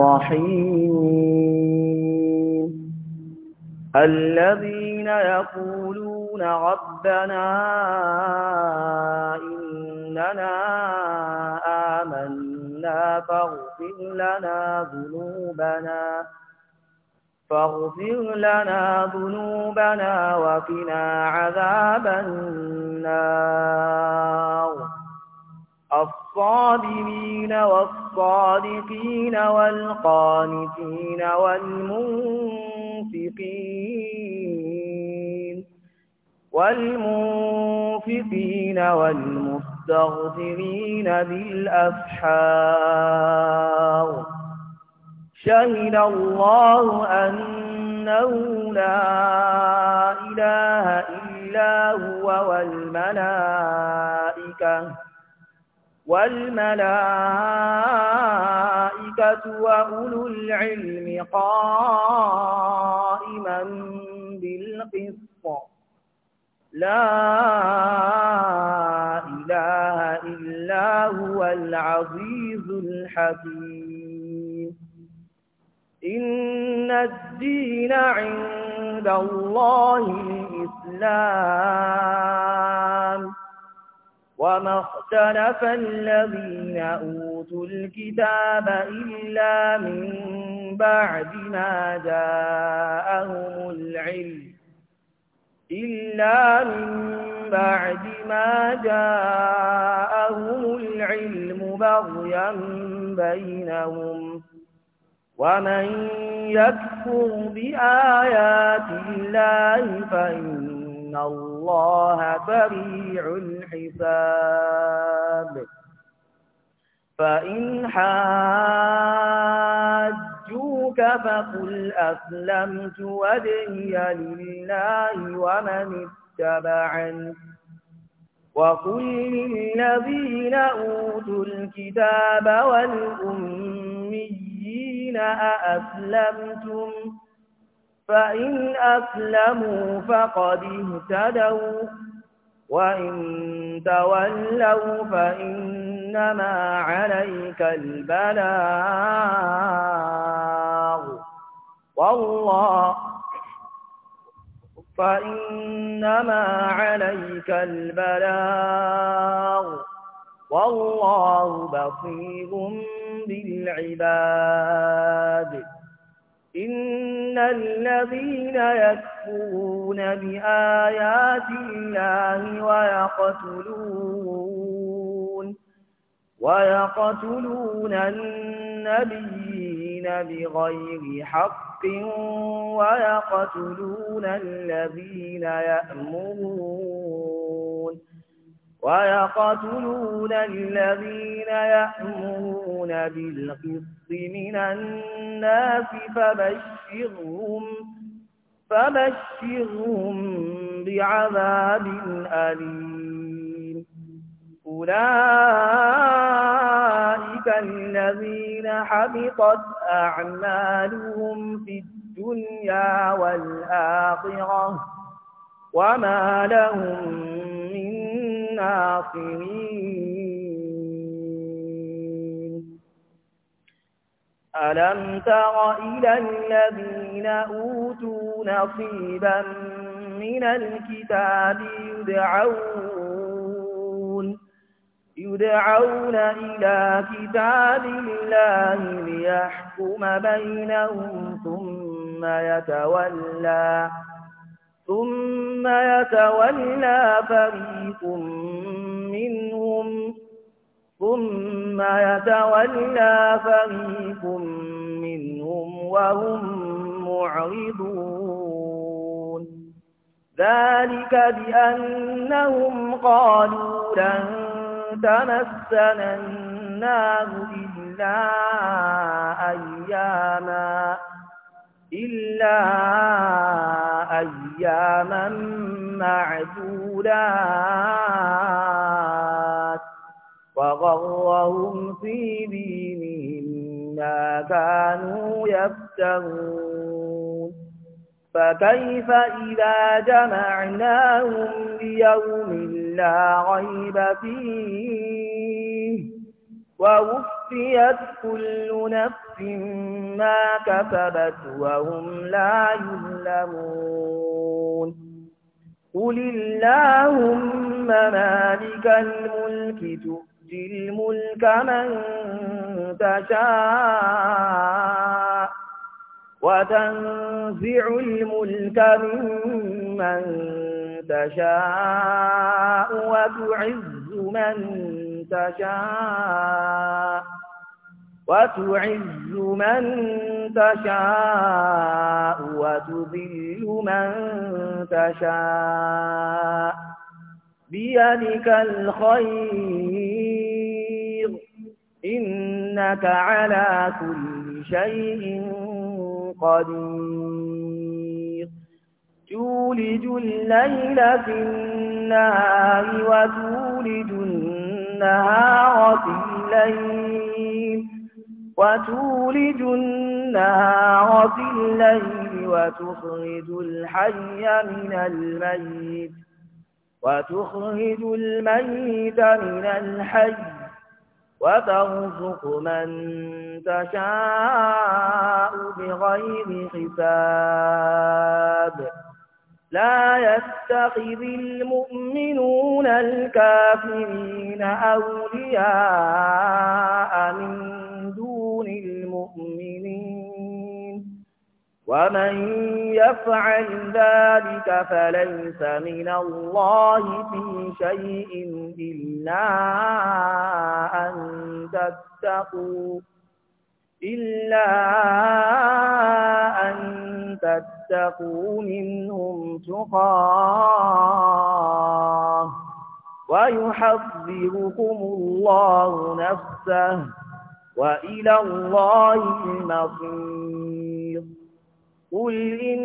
الرحيم الذين يقولون ربنا إننا آمنا فاغفر لنا ذنوبنا فاغفر لنا ذنوبنا وقنا عذاب النار الصابرين والصادقين والقانتين والمنفقين والمنفقين والمستغفرين بالأسحار شهد الله أنه لا إله إلا هو والملائكة والملائكة وأولو العلم قائما بالقسط لا إله إلا هو العزيز الحكيم إن الدين عند الله الإسلام وما اختلف الذين أوتوا الكتاب إلا من بعد ما جاءهم العلم إلا من بعد ما جاءهم العلم بغيا بينهم ومن يكفر بآيات الله فإن إن الله بريع الحساب فإن حاجوك فقل أسلمت وجهي لله ومن اتبعني وقل للذين أوتوا الكتاب والأميين أأسلمتم فإن أسلموا فقد اهتدوا وإن تولوا فإنما عليك البلاغ والله فإنما عليك البلاغ والله بصير بالعباد إن الذين يكفرون بآيات الله ويقتلون ويقتلون النبيين بغير حق ويقتلون الذين يأمرون ويقتلون الذين يأمرون بالقسط من الناس فبشرهم فبشرهم بعذاب أليم أولئك الذين حبطت أعمالهم في الدنيا والآخرة وما لهم من ناصرين ألم تر إلى الذين أوتوا نصيبا من الكتاب يدعون يدعون إلى كتاب الله ليحكم بينهم ثم يتولى ثم يتولى فريق منهم ثم يتولى فريق منهم وهم معرضون ذلك بأنهم قالوا لن تمسنا النار إلا أياماً إلا أياما معدودات وغرهم في دينهم ما كانوا يفترون فكيف إذا جمعناهم ليوم لا ريب فيه ووفيت كل نفس ما كسبت وهم لا يظلمون قل اللهم مالك الملك تؤتي الملك من تشاء وتنزع الملك ممن تشاء وتعز من تشاء وتعز من تشاء وتذل من تشاء بيدك الخير إنك على كل شيء قدير تولج الليل في النهار وتولج النهار النهار في الليل وتولج النهار في الليل وتخرج الحي من الميت وتخرج الميت من الحي وترزق من تشاء بغير حساب لا يتخذ المؤمنون الكافرين أولياء من دون المؤمنين ومن يفعل ذلك فليس من الله في شيء إلا أن تتقوا إلا أن تتقوا منهم تقاه ويحذركم الله نفسه وإلى الله المصير قل إن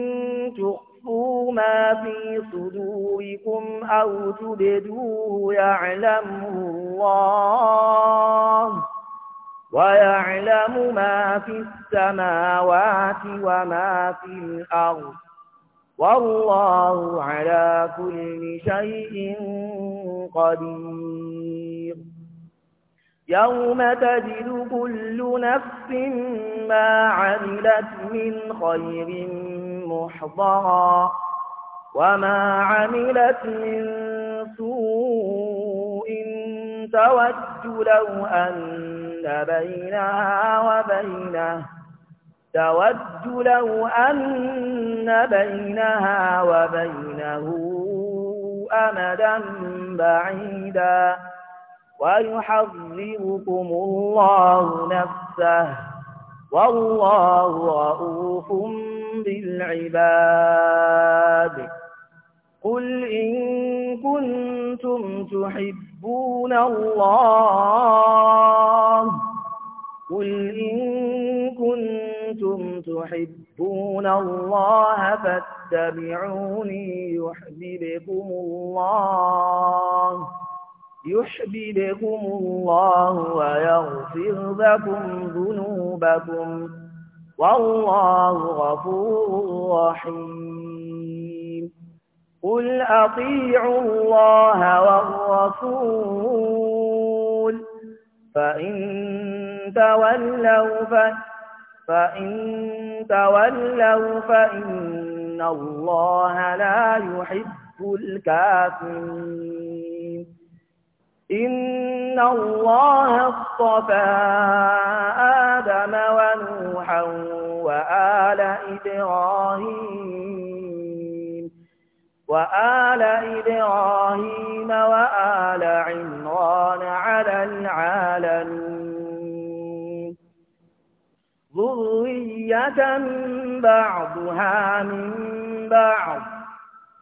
تخفوا ما في صدوركم أو تبدوه يعلمه الله ويعلم ما في السماوات وما في الأرض والله على كل شيء قدير يوم تجد كل نفس ما عملت من خير محضرا وما عملت من سوء تود لو أن بينها وبينه تود لو أن بينها وبينه أمدا بعيدا ويحذركم الله نفسه والله رؤوف بالعباد قل إن كنتم تحبون حسبنا الله قل إن كنتم تحبون الله فاتبعوني يحببكم الله يحببكم الله ويغفر لكم ذنوبكم والله غفور رحيم قل أطيعوا الله والرسول فإن تولوا فإن تولوا فإن الله لا يحب الكافرين إن الله اصطفى آدم ونوحا وآل إبراهيم وآل إبراهيم وآل عمران على العالمين ذرية بعضها من بعض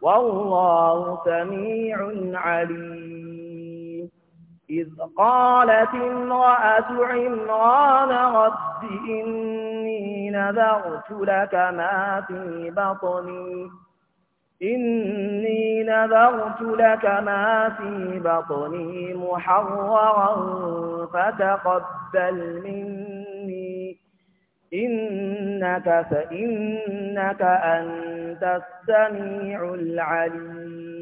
والله سميع عليم إذ قالت امرأة عمران رب إني نذرت لك ما في بطني إني نذرت لك ما في بطني محررا فتقبل مني إنك فإنك أنت السميع العليم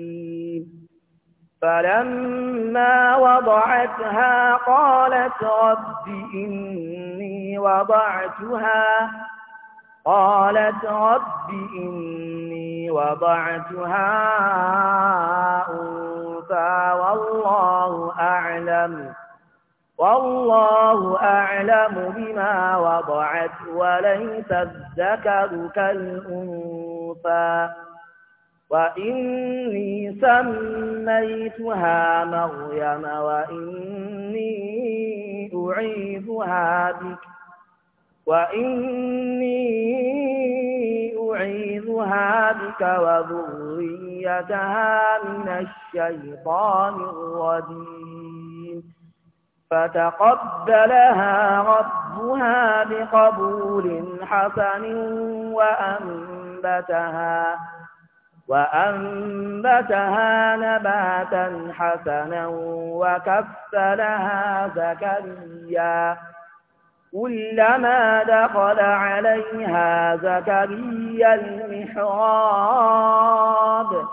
فلما وضعتها قالت رب إني وضعتها قالت رب إني وضعتها أنثى والله أعلم والله أعلم بما وضعت وليس الذكر كالأنثى وإني سميتها مريم وإني أعيذها بك وإني أعيذها بك وذريتها من الشيطان الرجيم فتقبلها ربها بقبول حسن وأنبتها وأنبتها نباتا حسنا وكفلها زكريا كلما دخل عليها زكريا المحراب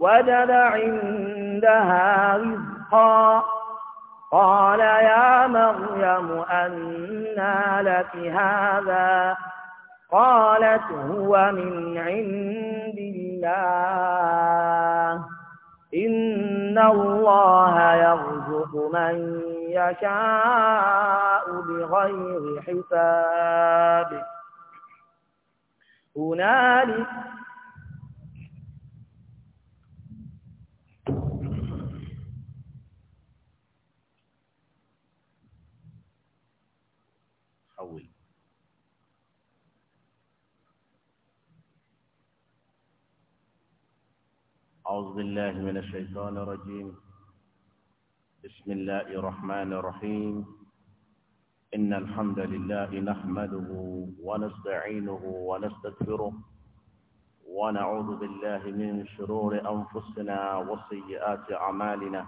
وجد عندها رزقا قال يا مريم أنى لك هذا قالت هو من عند الله إن الله يرزق من يشاء بغير حساب هنالك أعوذ بالله من الشيطان الرجيم بسم الله الرحمن الرحيم إن الحمد لله نحمده ونستعينه ونستغفره ونعوذ بالله من شرور أنفسنا وسيئات أعمالنا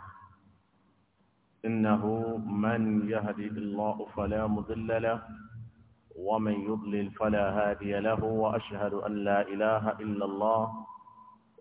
إنه من يهدي الله فلا مضل له ومن يضلل فلا هادي له وأشهد أن لا إله إلا الله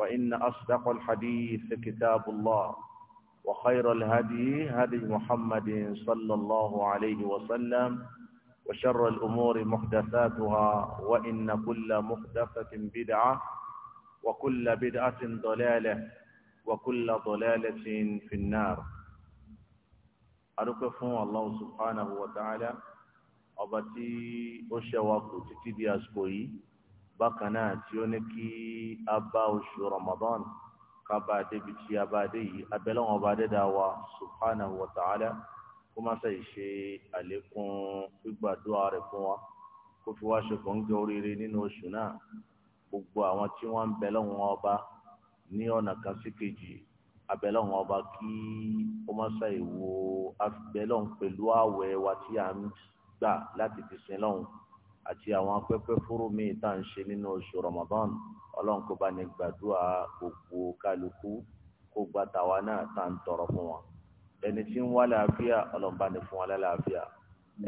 فإن أصدق الحديث كتاب الله وخير الهدي هدي محمد صلى الله عليه وسلم وشر الأمور محدثاتها وإن كل محدثة بدعة وكل بدعة ضلالة وكل ضلالة في النار أركف الله سبحانه وتعالى أبتي أشواك تتدي أسكوي bákan náà tí ó ní kí a bá oṣù Ramadan ká bá a débi tí a bá a dé yìí abẹ́lẹ́wọ̀n ọba dẹ́dá wa subhanahu wa ta'ala kó má sàì ṣe àlékún gbígbàdúrà rẹ̀ fún wa kó fi wá ṣe kòńgẹ́ oríire nínú oṣù náà gbogbo àwọn tí wọ́n ń bẹ lọ́wọ́n ọba ní ọ̀nà kan sí kejì abẹ́lọ́wọ́n ọba kí ó má sàì wo abẹ́lọ́wọ́n pẹ̀lú àwẹ̀ wa tí a ń gbà láti fi sin lọ́wọ́n àti àwọn afẹ́fẹ́ fúrú míì tá à ń ṣe nínú oṣù Ramadan ọlọ́run kó bá ní gbàdúrà gbogbo kálukú kó gba tàwa náà tá à ń tọrọ fún wọn ẹni tí ń wá láàfíà ọlọ́run bá ní fún wa láàfíà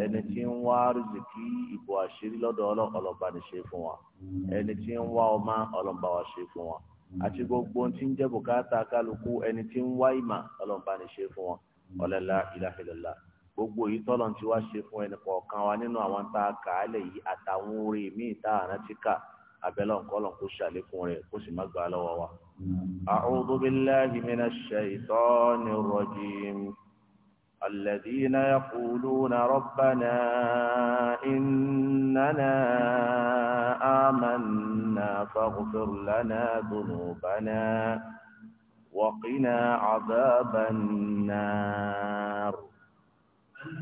ẹni tí ń wá rìzìkì ìbò àṣírí lọ́dọ̀ ọlọ́run bá ní ṣe fún wa ẹni tí ń wá ọmọ ọlọ́run bá wa ṣe fún wa àti gbogbo tí ń jẹ́ bùkátà kálukú ẹni tí ń wá ìmà ọlọ́run bá ní ṣe fún wa ọlọ́lá gbogbo yìí tọ́lọ̀ tí wàá ṣe fún ẹnì kọ̀ọ̀kan wa nínú àwọn tá a kà á lẹ̀ yìí àtàwọn orin míì tá a rántí kà abẹ́lẹ̀ ọ̀kọ́lọ̀ kó ṣàlékún rẹ̀ kó sì má gbà lọ́wọ́ wa. A'udhu billahi minash shaitanir rajim. الذين يقولون ربنا إننا آمنا فاغفر لنا ذنوبنا وقنا عذاب النار naam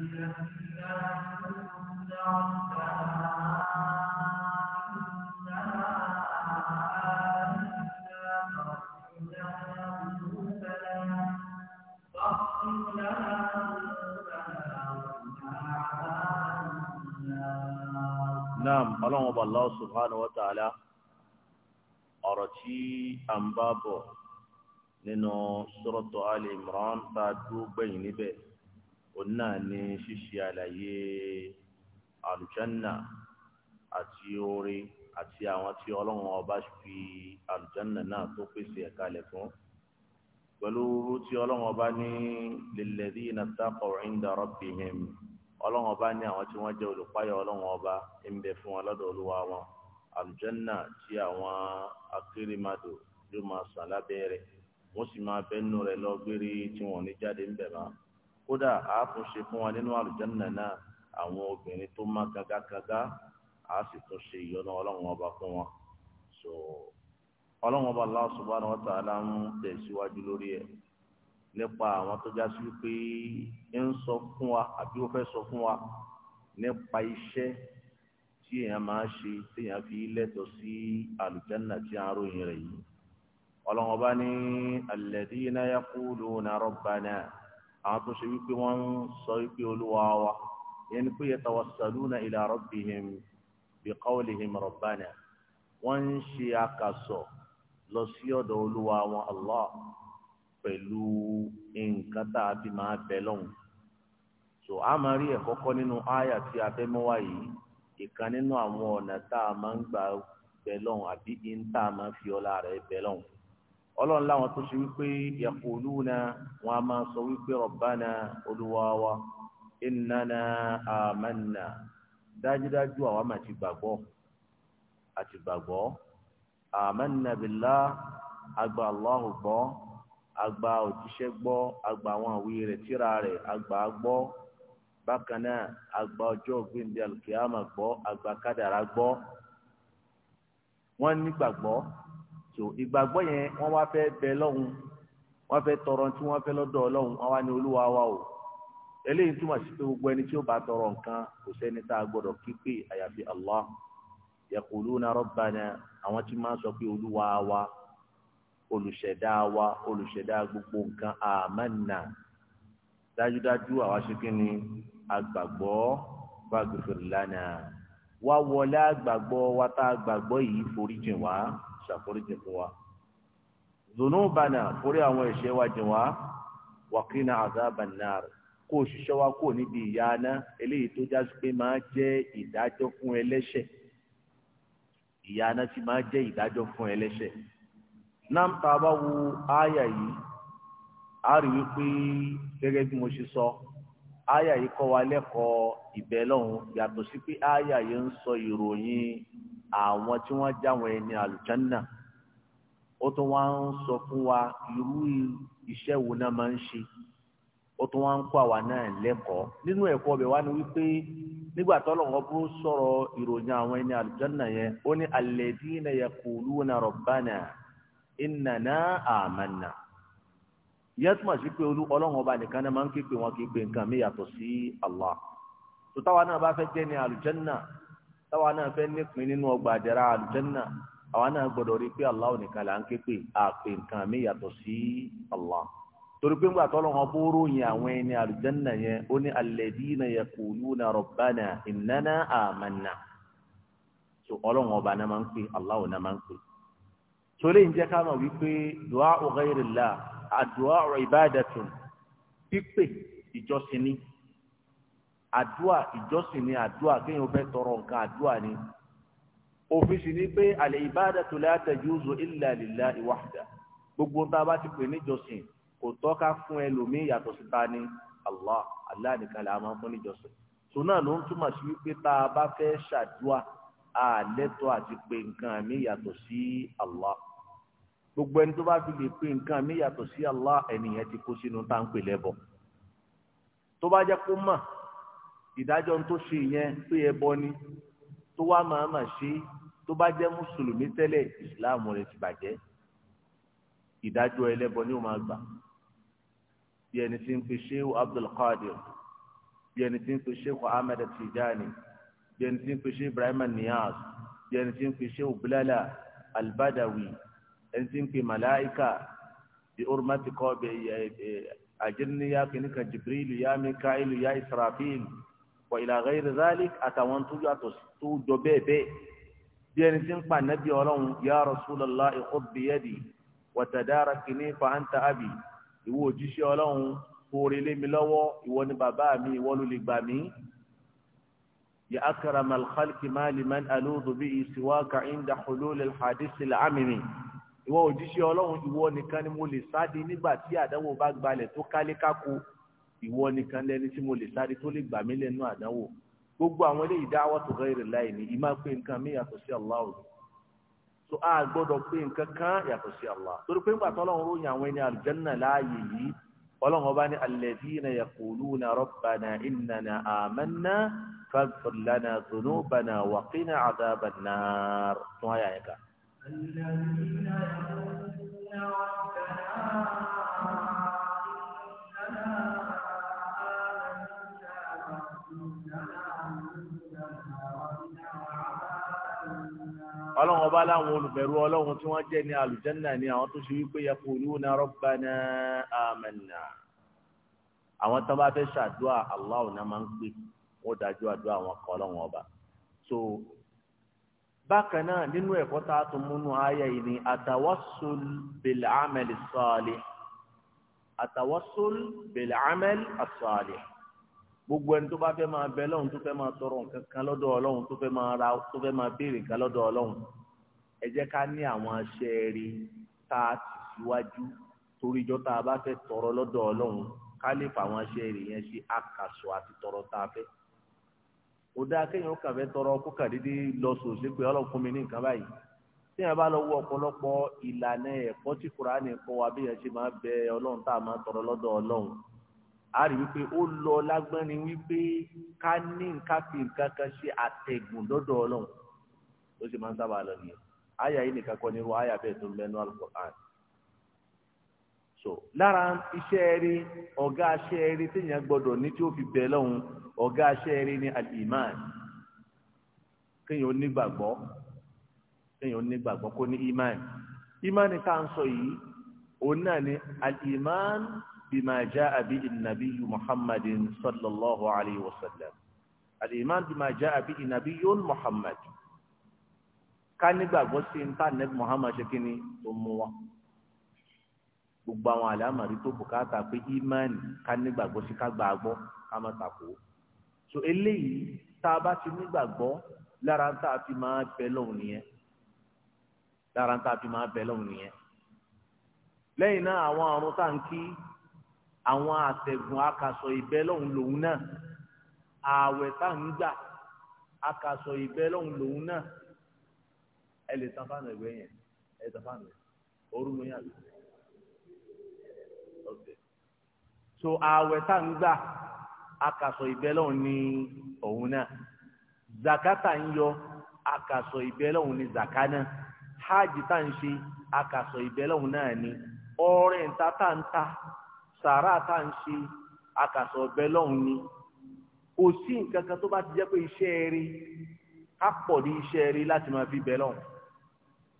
ọlọ́run ọba Allah subhanahu wa ta'ala ọ̀rọ̀ tí a ń bá bọ̀ nínú suratu Ali Imran tá a dúró gbẹ̀yìn níbẹ̀ òun náà ní ṣíṣe àlàyé àlùjánà àti oore àti àwọn tí ọlọ́run ọba fi àlùjánà náà tó pèsè ẹ̀ka lẹ̀ fún pẹ̀lú tí ọlọ́run ọba ní lilladhina taqaw inda rabbihim ọlọ́run ọba ní àwọn tí wọ́n jẹ́ olùpáyọ̀ ọlọ́run ọba ń bẹ fún wọn lọ́dọ̀ olúwa wọn àlùjánà tí àwọn akérèmàdò yóò máa sàn lábẹ́ rẹ̀ wọ́n sì máa bẹ́nu rẹ̀ lọ gbére tí wọ́n ní jáde ń bẹ̀ máa kódà a tún ṣe fún wa nínú àlùjánnà náà àwọn obìnrin tó má gágágágá a sì tún ṣe ìyọ́nà ọlọ́run ọba fún wọn so ọlọ́run ọba Allah subhanahu wa ta'ala ń tẹ̀síwájú lórí ẹ̀ nípa àwọn tó já sí pé ń sọ fún wa àbí ó fẹ́ sọ fún wa nípa iṣẹ́ tí èèyàn máa ṣe téèyàn fi lẹ́tọ̀ọ́ sí àlùjánnà tí a ń ròyìn rẹ̀ yìí ọlọ́run ọba ní alladhina yaquluna rabbana àwọn tó ṣe wípé wọ́n ń sọ wípé olúwa wa yẹn ni pé yatawassaluna ila rabbihim biqawlihim rabbana wọ́n ń ṣe àkàsọ̀ lọ sí ọ̀dọ̀ olúwa wọn allah pẹ̀lú nǹkan tá a fi máa bẹ lọ́hùn so a máa rí ẹ̀kọ́ nínú àyà tí a fẹ́ mọ́ wá yìí ìkan nínú àwọn ọ̀nà tá a máa ń gbà bẹ lọ́hùn àbí in tá a máa fi ọlá rẹ̀ bẹ lọ́hùn. ọlọ́run láwọn tó ṣe wípé náà wọn a máa sọ wípé rabbana olúwa wa innana amanna dájúdájú awa ma ti gbàgbọ́ àti gbàgbọ́ amanna billah agba Allahu gbọ́ agba òjíṣẹ́ gbọ́ agba àwọn àwí rẹ̀ tíra rẹ̀ agba gbọ́ bákan náà agba ọjọ́ ògbéǹde alùkìyàmà gbọ́ agba kádàrá gbọ́ wọ́n nígbàgbọ́ so ìgbàgbọ́ yẹn wọ́n wá fẹ́ bẹ lọ́hùn wọ́n fẹ́ tọrọ tí wọ́n fẹ́ lọ́dọ̀ ọlọ́hùn wọ́n wá ní olúwa wa o eléyìí túmọ̀ sí pé gbogbo ẹni tí ó bá tọrọ nǹkan kò sẹ́ni tá a gbọ́dọ̀ kípè àyàfi Allah yaquluna rabbana àwọn tí máa ń sọ pé olúwa wa olùṣẹ̀dá wa olùṣẹ̀dá gbogbo nǹkan àmánà dájúdájú àwa ṣe kí ni agbàgbọ́ faghfir lana wá wọlé àgbàgbọ́ wa tá a gbàgbọ́ yìí foríjìn wá. ṣàforíjì fún wa zunubana forí àwọn wa jìn wá kó o ṣiṣẹ́ wa kó o níbi aná eléyìí fún ẹlẹ́ṣẹ̀ ìyá aná máa jẹ́ ìdájọ́ fún ẹlẹ́ṣẹ̀ náà àyà yìí a rí i sọ àyà yìí kọ́ wa lẹ́kọ̀ọ́ ìbẹ́lọ́hún yàtọ̀ sí àyà yìí ń sọ àwọn tí wọn jáwọn ẹni àlùjánná ó tún wá ń sọ fún wa irú iṣẹ́ wo náà máa ń ṣe ó tún wá ń kó àwa náà lẹ́kọ̀ọ́ nínú ẹ̀kọ́ ọbẹ̀ wa ni wípé nígbà tọ́lọ́wọ́ bó sọ̀rọ̀ ìròyìn àwọn ẹni àlùjánná yẹn ó ní alladhina yaquluna na innana amanna yẹtùmọ̀ sí pé olú ọlọ́run ọba nìkan náà máa ń képe wọn képe nǹkan mi yàtọ̀ sí Allah táwa náà fẹ́ nípìn nínú ọgbà àjẹrà àlùjẹ́nà àwa náà gbọ́dọ̀ rí pé Allah nìkan là ń ké pè àpè nǹkan mi yàtọ̀ sí Allah torí pé ńgbà tọ́lọ́ wọn bó ròyìn àwọn ẹni àlùjẹ́nà yẹn ó ní alladhina yaquluna rabbana innana amanna so ọlọ́run ọba náà máa ń pè Allah náà máa ń pè so lè ń jẹ́ ká mọ̀ wípé du'a ghayrillah àdùá ìbáàdàtún pípè àdúà ìjọsìn ni àdúà kéèyàn fẹ́ tọrọ nǹkan àdúà ni òfin sì ni pé àlẹ́ ìbádàtu la tajuzu illa lillahi wahda gbogbo tá a bá ti pè níjọsìn kò tọ́ka fún ẹlòmíì yàtọ̀ síta ní Allah Allah nìkan là á máa fún níjọsìn tó náà ló ń túmọ̀ sí wípé tá a bá fẹ́ ṣàdúà àlẹ́tọ̀ àti pé nǹkan mi yàtọ̀ sí Allah gbogbo ẹni tó bá fi lè pé nǹkan mi yàtọ̀ sí Allah ẹnìyẹn ti kó sínú tá à tó bá jẹ́ kó mọ̀ ìdájọ́ tó ṣe yẹn tó yẹ bọ́ ni tó wá máa mà ṣe tó bá jẹ́ mùsùlùmí tẹ́lẹ̀ ìsìláàmù rẹ̀ ti bàjẹ́ ìdájọ́ ẹlẹ́bọ ni ó máa gbà bí ẹni tí ń pe Sheikh Abdul Qadir bí ẹni tí ń pe Sheikh Ahmed Tijani bí ẹni tí ń pe Sheikh Ibrahim Niyaz bí ẹni tí ń pe Sheikh Bilala Al-Badawi ẹni tí ń pe Malaika bí orúmọ́tì kọ́ bẹ́ẹ̀ eh, eh, àjẹnìyà kìnnìkan Jibril ya Mikael ya Israfil wa ila ghairi zalik àtàwọn tó yàtọ̀ tó jọ bẹ́ẹ̀ bẹ́ẹ̀ bí ẹni tí ń pa nàbí ọlọ́run ya rasulallah khudh bi yadi wa tadarakini fa anta abi ìwọ òjíṣẹ́ ọlọ́run kóore lé mi lọ́wọ́ ìwọ ni bàbá mi ìwọ ló lè gbà mí. ya akrama al-khalqi ma liman aludhu bi siwaka inda hulul al-hadith al-amimi ìwọ òjíṣẹ́ ọlọ́run ìwọ nìkan ni mo lè sáde nígbà tí àdánwò bá gbalẹ̀ tó kálé kákó ìwọ nìkan lẹni tí mo lè sáré tó lè gbà mí lẹ́nu àdánwò gbogbo àwọn eléyìí dáwọ́ tó ghairi Allahi ni ìmá pé nǹkan mi yàtọ̀ sí Allah o so a gbọ́dọ̀ pé nǹkan kan yàtọ̀ sí Allah torí pé ńgbà tó Ọlọ́run ròyìn àwọn ẹni àlùjànnà láàyè yìí Ọlọ́run ọba ní alladhina yaquluna rabbana innana amanna faghfir lana dhunubana wa qina adhaban nar tún ayà yẹn ká. alladhina ọlọ́run bá láwọn olùbẹ̀rù ọlọ́run tí wọ́n jẹ́ ní àlùjànnà ni àwọn tó ṣe wípé yaquluna rabbana amanna àwọn tó bá fẹ́ ṣàdúrà Allah náà máa ń pè wọ́n dájú àdúrà wọn kọ́ ọlọ́run ọba so bákan náà nínú ẹ̀kọ́ tá a tún múnú ayé yìí ni atawassul bil amal salih atawassul bil amal salih gbogbo ẹni tó bá fẹ́ máa bẹ lọ́hùn tó fẹ́ máa tọrọ nǹkan kan lọ́dọ̀ ọlọ́hùn tó fẹ́ máa béèrè nǹkan lọ́dọ̀ ọlọ́hùn ẹ jẹ́ ká ní àwọn aṣẹ́ rí tá a ti síwájú torí ìjọ tá a bá fẹ́ tọrọ lọ́dọ̀ ọlọ́run ká lè fà àwọn aṣẹ́ rí yẹn ṣe àkàṣọ àti tọrọ tá a fẹ́. ó dáa kéèyàn kàn fẹ́ tọrọ kó kà dédé lọ sòṣè pé ọlọ́run fún mi ní nǹkan báyìí téèyàn bá lọ wo ọ̀pọ̀lọpọ̀ ìlànà ẹ̀kọ́ tí kùránì kọ́ wa bí yẹn ṣe máa bẹ ọlọ́run tá a máa tọrọ lọ́dọ̀ ọlọ́run a rí wípé ó lọ lágbọ́nni wípé ká ní nǹkan fi nǹkan kan ṣe àtẹ̀gùn lọ́dọ̀ ọlọ́run ó sì máa ń sábà lọ nìyẹn àyà yìí nìkan kọ́ nírú àyà bẹ́ẹ̀ tó ń bẹ́ẹ̀ nú so lára iṣẹ́ rí ọ̀gá aṣẹ́ rí téèyàn gbọ́dọ̀ ní tí ó fi bẹ̀ lọ́hùn ọ̀gá aṣẹ́ rí ní al-iman kéèyàn ó nígbàgbọ́ kéèyàn ó nígbàgbọ́ kó ní iman iman tá à ń sọ yìí òun náà ni al-iman bima jaa bihi sallallahu alayhi wa sallam al-iman bima jaa bihi muhammad. ká nígbàgbọ́ sí nta tànẹ́bí Muhammad ṣe tó mú wa gbogbo àwọn àlámàrí tó bùkátà pé ìmánì ká nígbàgbọ́ sí ká gbàgbọ́ ká má so eléyìí tá a bá ti nígbàgbọ́ lára tá a fi máa bẹ lọ́hùn nìyẹn lára a fi máa bẹ nìyẹn lẹ́yìn náà àwọn àrùn tá à ń kí àwọn àtẹ̀gùn ìbẹ́ lọ́hùn lòun náà ààwẹ̀ tá à ń lòun náà ẹ lè tán fáànù ẹgbẹ́ yẹn ẹ tán fáànù ooru ló yàn lọ. so ààwẹ̀ tá à ń gbà akàsọ̀ ìbẹ́lẹ̀ òun òun náà zakata ń yọ akàsọ̀ ìbẹ́lẹ̀ òun ni zaka náà hajj tá à ń ṣe akàsọ̀ ìbẹ́lẹ̀ òun náà ni ọrẹ ńta tá à ń ta sàrà tá ń ṣe akàsọ̀ ìbẹ́lẹ̀ òun kò sí nǹkan kan tó bá ti jẹ́ pé iṣẹ́ rí ká ní iṣẹ́ rí láti máa fi bẹ́ẹ̀ lọ́hùn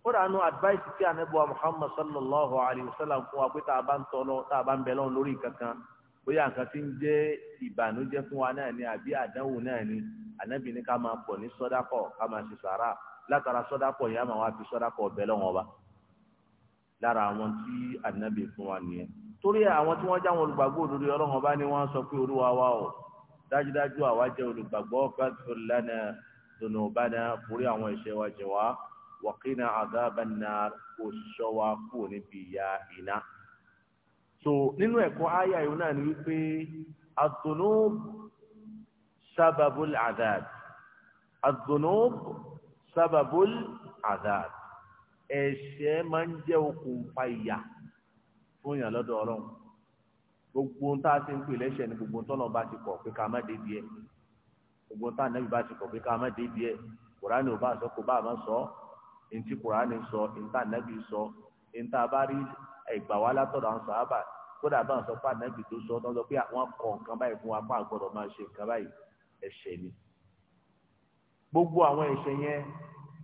kódà nu advice tí anabiwa muhammad sallallahu alayhi wa sallam fún wa pé tá a bá ń tọ́lọ́ tá a bá ń bẹ lọ́wọ́ lórí kankan bóyá nǹkan tí ń jẹ́ ìbànújẹ́ fún wa náà ni àbí àdánwò náà ni anabi ní ká máa pọ̀ ní sọ́dákọ̀ ká máa ṣe sàrà látara sọ́dákọ̀ yẹn a máa wá fi sọ́dákọ̀ bẹ lọ́wọ́ ọba lára àwọn tí anabi fún wa nìyẹn torí àwọn tí wọ́n já wọn olùgbàgbọ́ òdodo ọlọ́run ọba ni wọ́n sọ pé olúwa wa o dájúdájú àwa jẹ́ olùgbàgbọ́ fẹ́ẹ́ tó lánàá dùnú bá náà forí àwọn ìṣe wa jẹ wá wàkínà àdábànà kò sọ wa kú níbi ìyà iná. so nínú ẹ̀kọ́ àyà yìí náà ni wípé adunub sábàbùl àdáàd adunub sábàbùl àdáàd ẹ̀ṣẹ̀ máa ń jẹ́ okùnfà ìyà fún yàn lọ́dọ̀ ọlọ́run gbogbo ohun tá ti ń pè lẹ́ṣẹ̀ ni gbogbo ohun tọ́nà bá ti kọ̀ pé ká má débi ẹ̀ gbogbo ohun tá a bá ti kọ̀ pé ká má débi ẹ̀ kùránì ò bá sọ kò bá a má sọ ọ́ ntí kuraani sọ ntá anabi sọ ntá abárí ẹgbà wa látọ̀dọ̀ àwọn sàábà kódà bá wọn sọ pé anabi tó sọ tọ́jọ́ pé àwọn kọ̀ nǹkan báyìí fún wa pé àgbọ̀dọ̀ máa ṣe nǹkan báyìí ẹ̀ṣẹ̀ ni. gbogbo àwọn ẹ̀ṣẹ̀ yẹn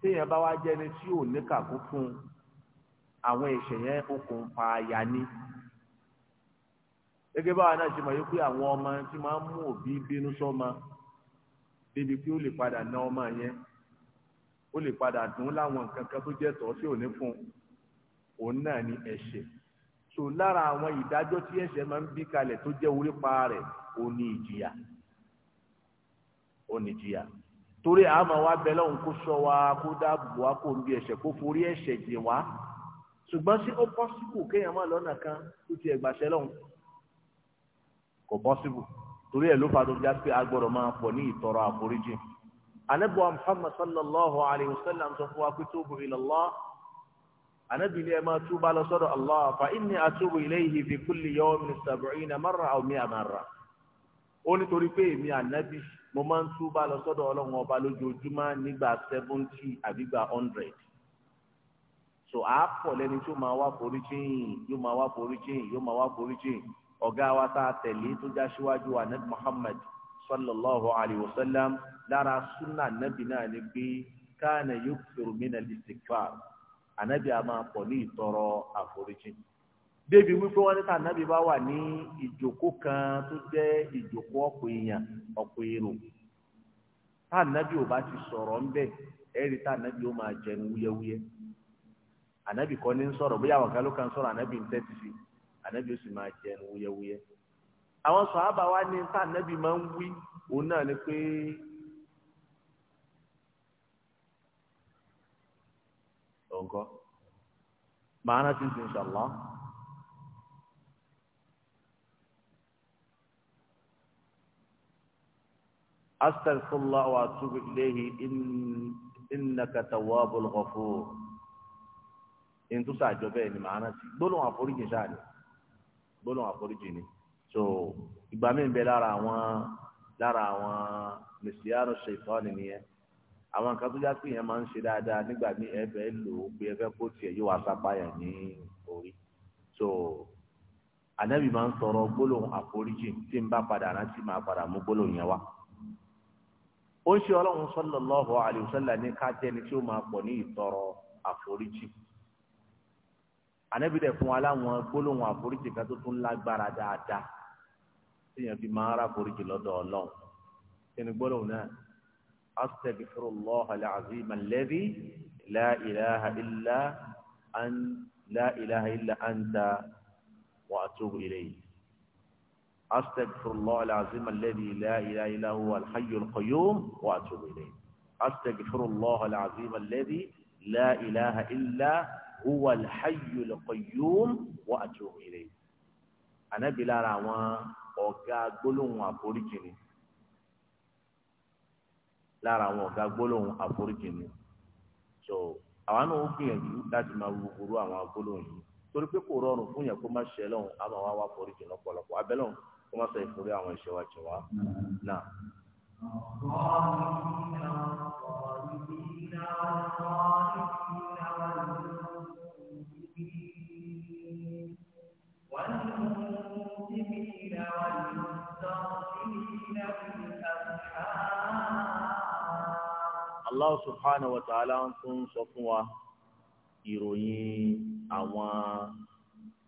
téèyàn bá wá jẹ́ ẹni tí ò ní kàkún fún àwọn ẹ̀ṣẹ̀ yẹn okùn pa aya ní. gẹ́gẹ́ báwa náà ṣe mọ̀ yìí pé àwọn ọmọ tí máa ń mú òbí bínú sọ́mọ débi pé ó lè padà ná ọmọ yẹn ó lè padà dùn láwọn nǹkan kan tó jẹ́ tọ́ tí ò ní fún òun náà ní ẹ̀ṣẹ̀ so lára àwọn ìdájọ́ tí ẹ̀ṣẹ̀ máa ń bí kalẹ̀ tó jẹ́ orípa rẹ̀ òun ní ìjìyà òun ní ìjìyà torí àmọ́ wa bẹ lọ́hùn kó sọ wa kó dáàbò wa kó bí ẹ̀ṣẹ̀ kó forí ẹ̀ṣẹ̀ jì wá ṣùgbọ́n sí ó pọ́sibù kéèyàn máa lọ́nà kan tó ti ẹ̀gbàṣẹ́ lọ́hùn kò pọ́sibù torí ẹ̀ ló fa tó já pé a máa pọ̀ ní ìtọrọ àforíjì anabiwa muhammad sallallahu alayhi wa sallam sọ fún wa pé tubu ila Allah anabi ni ẹ máa túbà lọ sọ́dọ̀ allah fa inni atubu ilayhi fi kulli yawmin sab'ina marra aw mi'a marra ó nítorí pé èmi anabi mo máa ń túbà lọ sọ́dọ̀ ọlọ́run ọba lójoojúmọ́ nígbà seventy àbí gba hundred so àápọ̀ lẹ́ni tí ó máa wá forí jìn yóò máa wá forí jìn yóò máa wá wa tá a tẹ̀lé tó já anabi muhammad sallallahu alayhi wasallam sallam lára súnà nàbì náà ni pé káàna a máa pọ̀ ní ìtọrọ àforíjì wípé wọn ní ká bá wà kan tó jẹ́ ijoko ọ̀pọ̀ èèyàn ọ̀pọ̀ èrò tá ànábì ò bá ti sọ̀rọ̀ ńbẹ̀ ẹ̀rí tá ànábì ó máa jẹun wúyẹ́wúyẹ́ anabi kọ́ ń sọ̀rọ̀ bóyá àwọn kan ló kan sọ̀rọ̀ ń tẹ́tí sí àwọn sọ̀hábà wa ní tá ànábì máa ń wí òun náà ni pé ọ̀gọ́ màá rántí sí ìṣàlá. astaghfirullah wa atubu ilayhi innaka tawwabul ghafur in tó sàjọ bẹ́ẹ̀ ni màá rántí gbólóhùn àforíjì sáà ni gbólóhùn àforíjì ni so ìgbà míì bẹ lára àwọn lára àwọn mẹsìlẹ́rù ṣètọ́ni nìyẹn àwọn nǹkan tó jápé yẹn máa ń ṣe dáadáa nígbà míì ẹ fẹ́ lò ó pé ẹ kó tiẹ̀ yóò wá sápá yẹn ní orí so anabi máa ń sọ̀rọ̀ gbólóhùn àforíjì tí n bá padà rántí máa padà mú gbólóhùn yẹn wá ó ń ṣe ọlọ́run sallallahu alaihi wasallam ní ká jẹ́ni tí ó máa pọ̀ ní ìtọrọ àforíjì ànábì dẹ̀ fún wa láwọn gbólóhùn àforíjì kan tó tún lágbára dáadáa tíyẹn fi máa ń ra àforíjì lọ́dọ̀ ọlọ́run kíni gbólóhùn náà astaghfirullah al-azim alladhi la ilaha illa an la ilaha illa anta wa atubu ilayhi astaghfirullah al-azim alladhi la ilaha illa huwa al-hayyul qayyum wa atubu ilayhi astaghfirullah al-azim alladhi la ilaha illa huwa alhayyu alqayyum wa atubu ilayhi anabi lára àwọn ọ̀gá gbólóhùn àforíjì ni lára àwọn ọ̀gá gbólóhùn so àwọn náà ó gbìyànjú láti máa wúwúrú àwọn gbólóhùn yìí torí pé kò rọrùn fún yẹn kó má ṣe lọ́hùn á wá wá foríjì lọ́pọ̀lọpọ̀ abẹ́ lọ́hùn kó má sọ ìforí àwọn ìṣe wa jù wá náà. Ọ̀gá mi náà sọ̀rọ̀ ìdílé náà sọ̀rọ̀ ìdílé. Allah subhanahu wa ta'ala ń tún sọ fún wa ìròyìn àwọn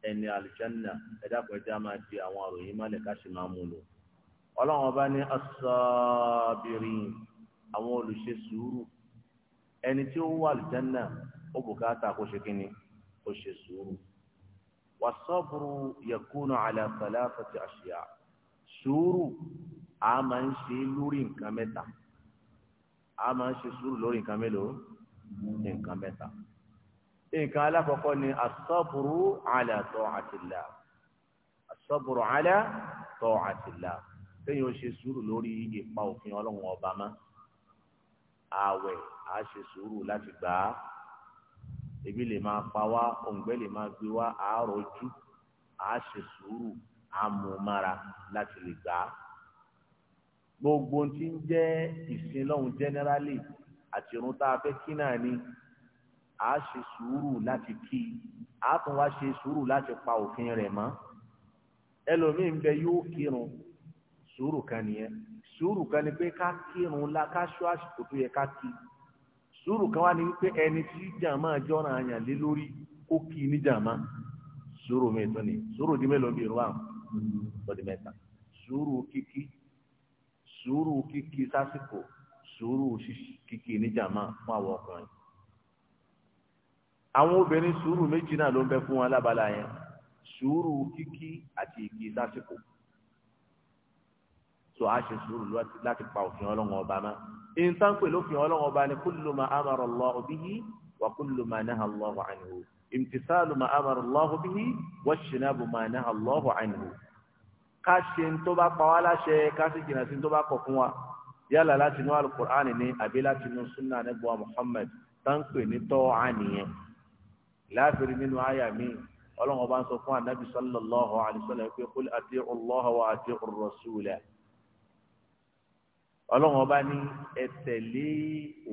ẹni alìjánná ẹ̀dá pẹ̀lú àmà di àwọn ìròyìn mọ́lẹ̀ ká sì máa mú lò ọlọ́run ọba ní as-sabirin àwọn olùṣe sùúrù ẹni tí ó wà alìjánná ó bùkátà kó ṣe kínní ó ṣe sùúrù was-sabru yakunu ala thalathati ashiya sùúrù a ń ṣe lórí nǹkan mẹ́ta a máa ń ṣe sùúrù lórí nǹkan mélòó nǹkan mẹ́ta nǹkan alákọ̀ọ́kọ́ ni asọ́bùrù àlà ta'atillah asọ́bùrù àlà ta'atillah sẹ́yìn ó ṣe sùúrù lórí ipa òfin ọlọ́run ọba mọ́ ààwẹ̀ á ṣe sùúrù láti gbà á ebi lè máa pa wá òǹgbẹ lè máa gbé wá àárọ̀ ojú á ṣe sùúrù àmúmára láti lè gbà á gbogbo ti ń jẹ́ ìsìn lọ́hùn generally àti irun tá a fẹ́ kí náà ni a ṣe sùúrù láti kí a tún wá ṣe sùúrù láti pa òfin rẹ̀ mọ́ ẹlòmíín bẹ yóò kírun sùúrù kan nìyẹn sùúrù ni pé ká kírun la ká ṣọ́ àsìkò tó yẹ ká kí sùúrù kan wá ní wípé ẹni tí jàmáà jọ́ràn àyàn lé lórí kó kí ní jàmáà sùúrù mi tún ni sùúrù di mélòó bí sùúrù kíkí sásìkò sùúrù kíkí níjàmá fún àwọn ọkùnrin àwọn obìnrin sùúrù méjì náà ló ń bẹ fún wọn lábala yẹn sùúrù kíkí àti ìkí sásìkò tó a ṣe sùúrù láti pa òfin ọlọ́wọ́n ọba mọ́ nǹkan pè lófin ọlọ́wọ́n ọba ni kullu ma amara Allahu bihi wa kullu ma naha Allahu anhu imtisalu ma amara Allahu bihi wa shinabu ma naha Allahu anhu ká ṣe ń tó bá pa wá láṣẹ ká sì jìnnà sí ń tó bá kọ̀ fún wa yálà láti inú alukur'an ni àbí láti inú sunna anabuwa muhammad táǹpẹ̀ ní tọ́wọ́ ànìyẹn láàfin nínú àyà mi ọlọ́run ọba ń sọ fún anabi sallallahu alayhi wa sallam pé qul ati'u allaha wa ati'u ar-rasula ọlọ́run ọba ní ẹ tẹ̀lé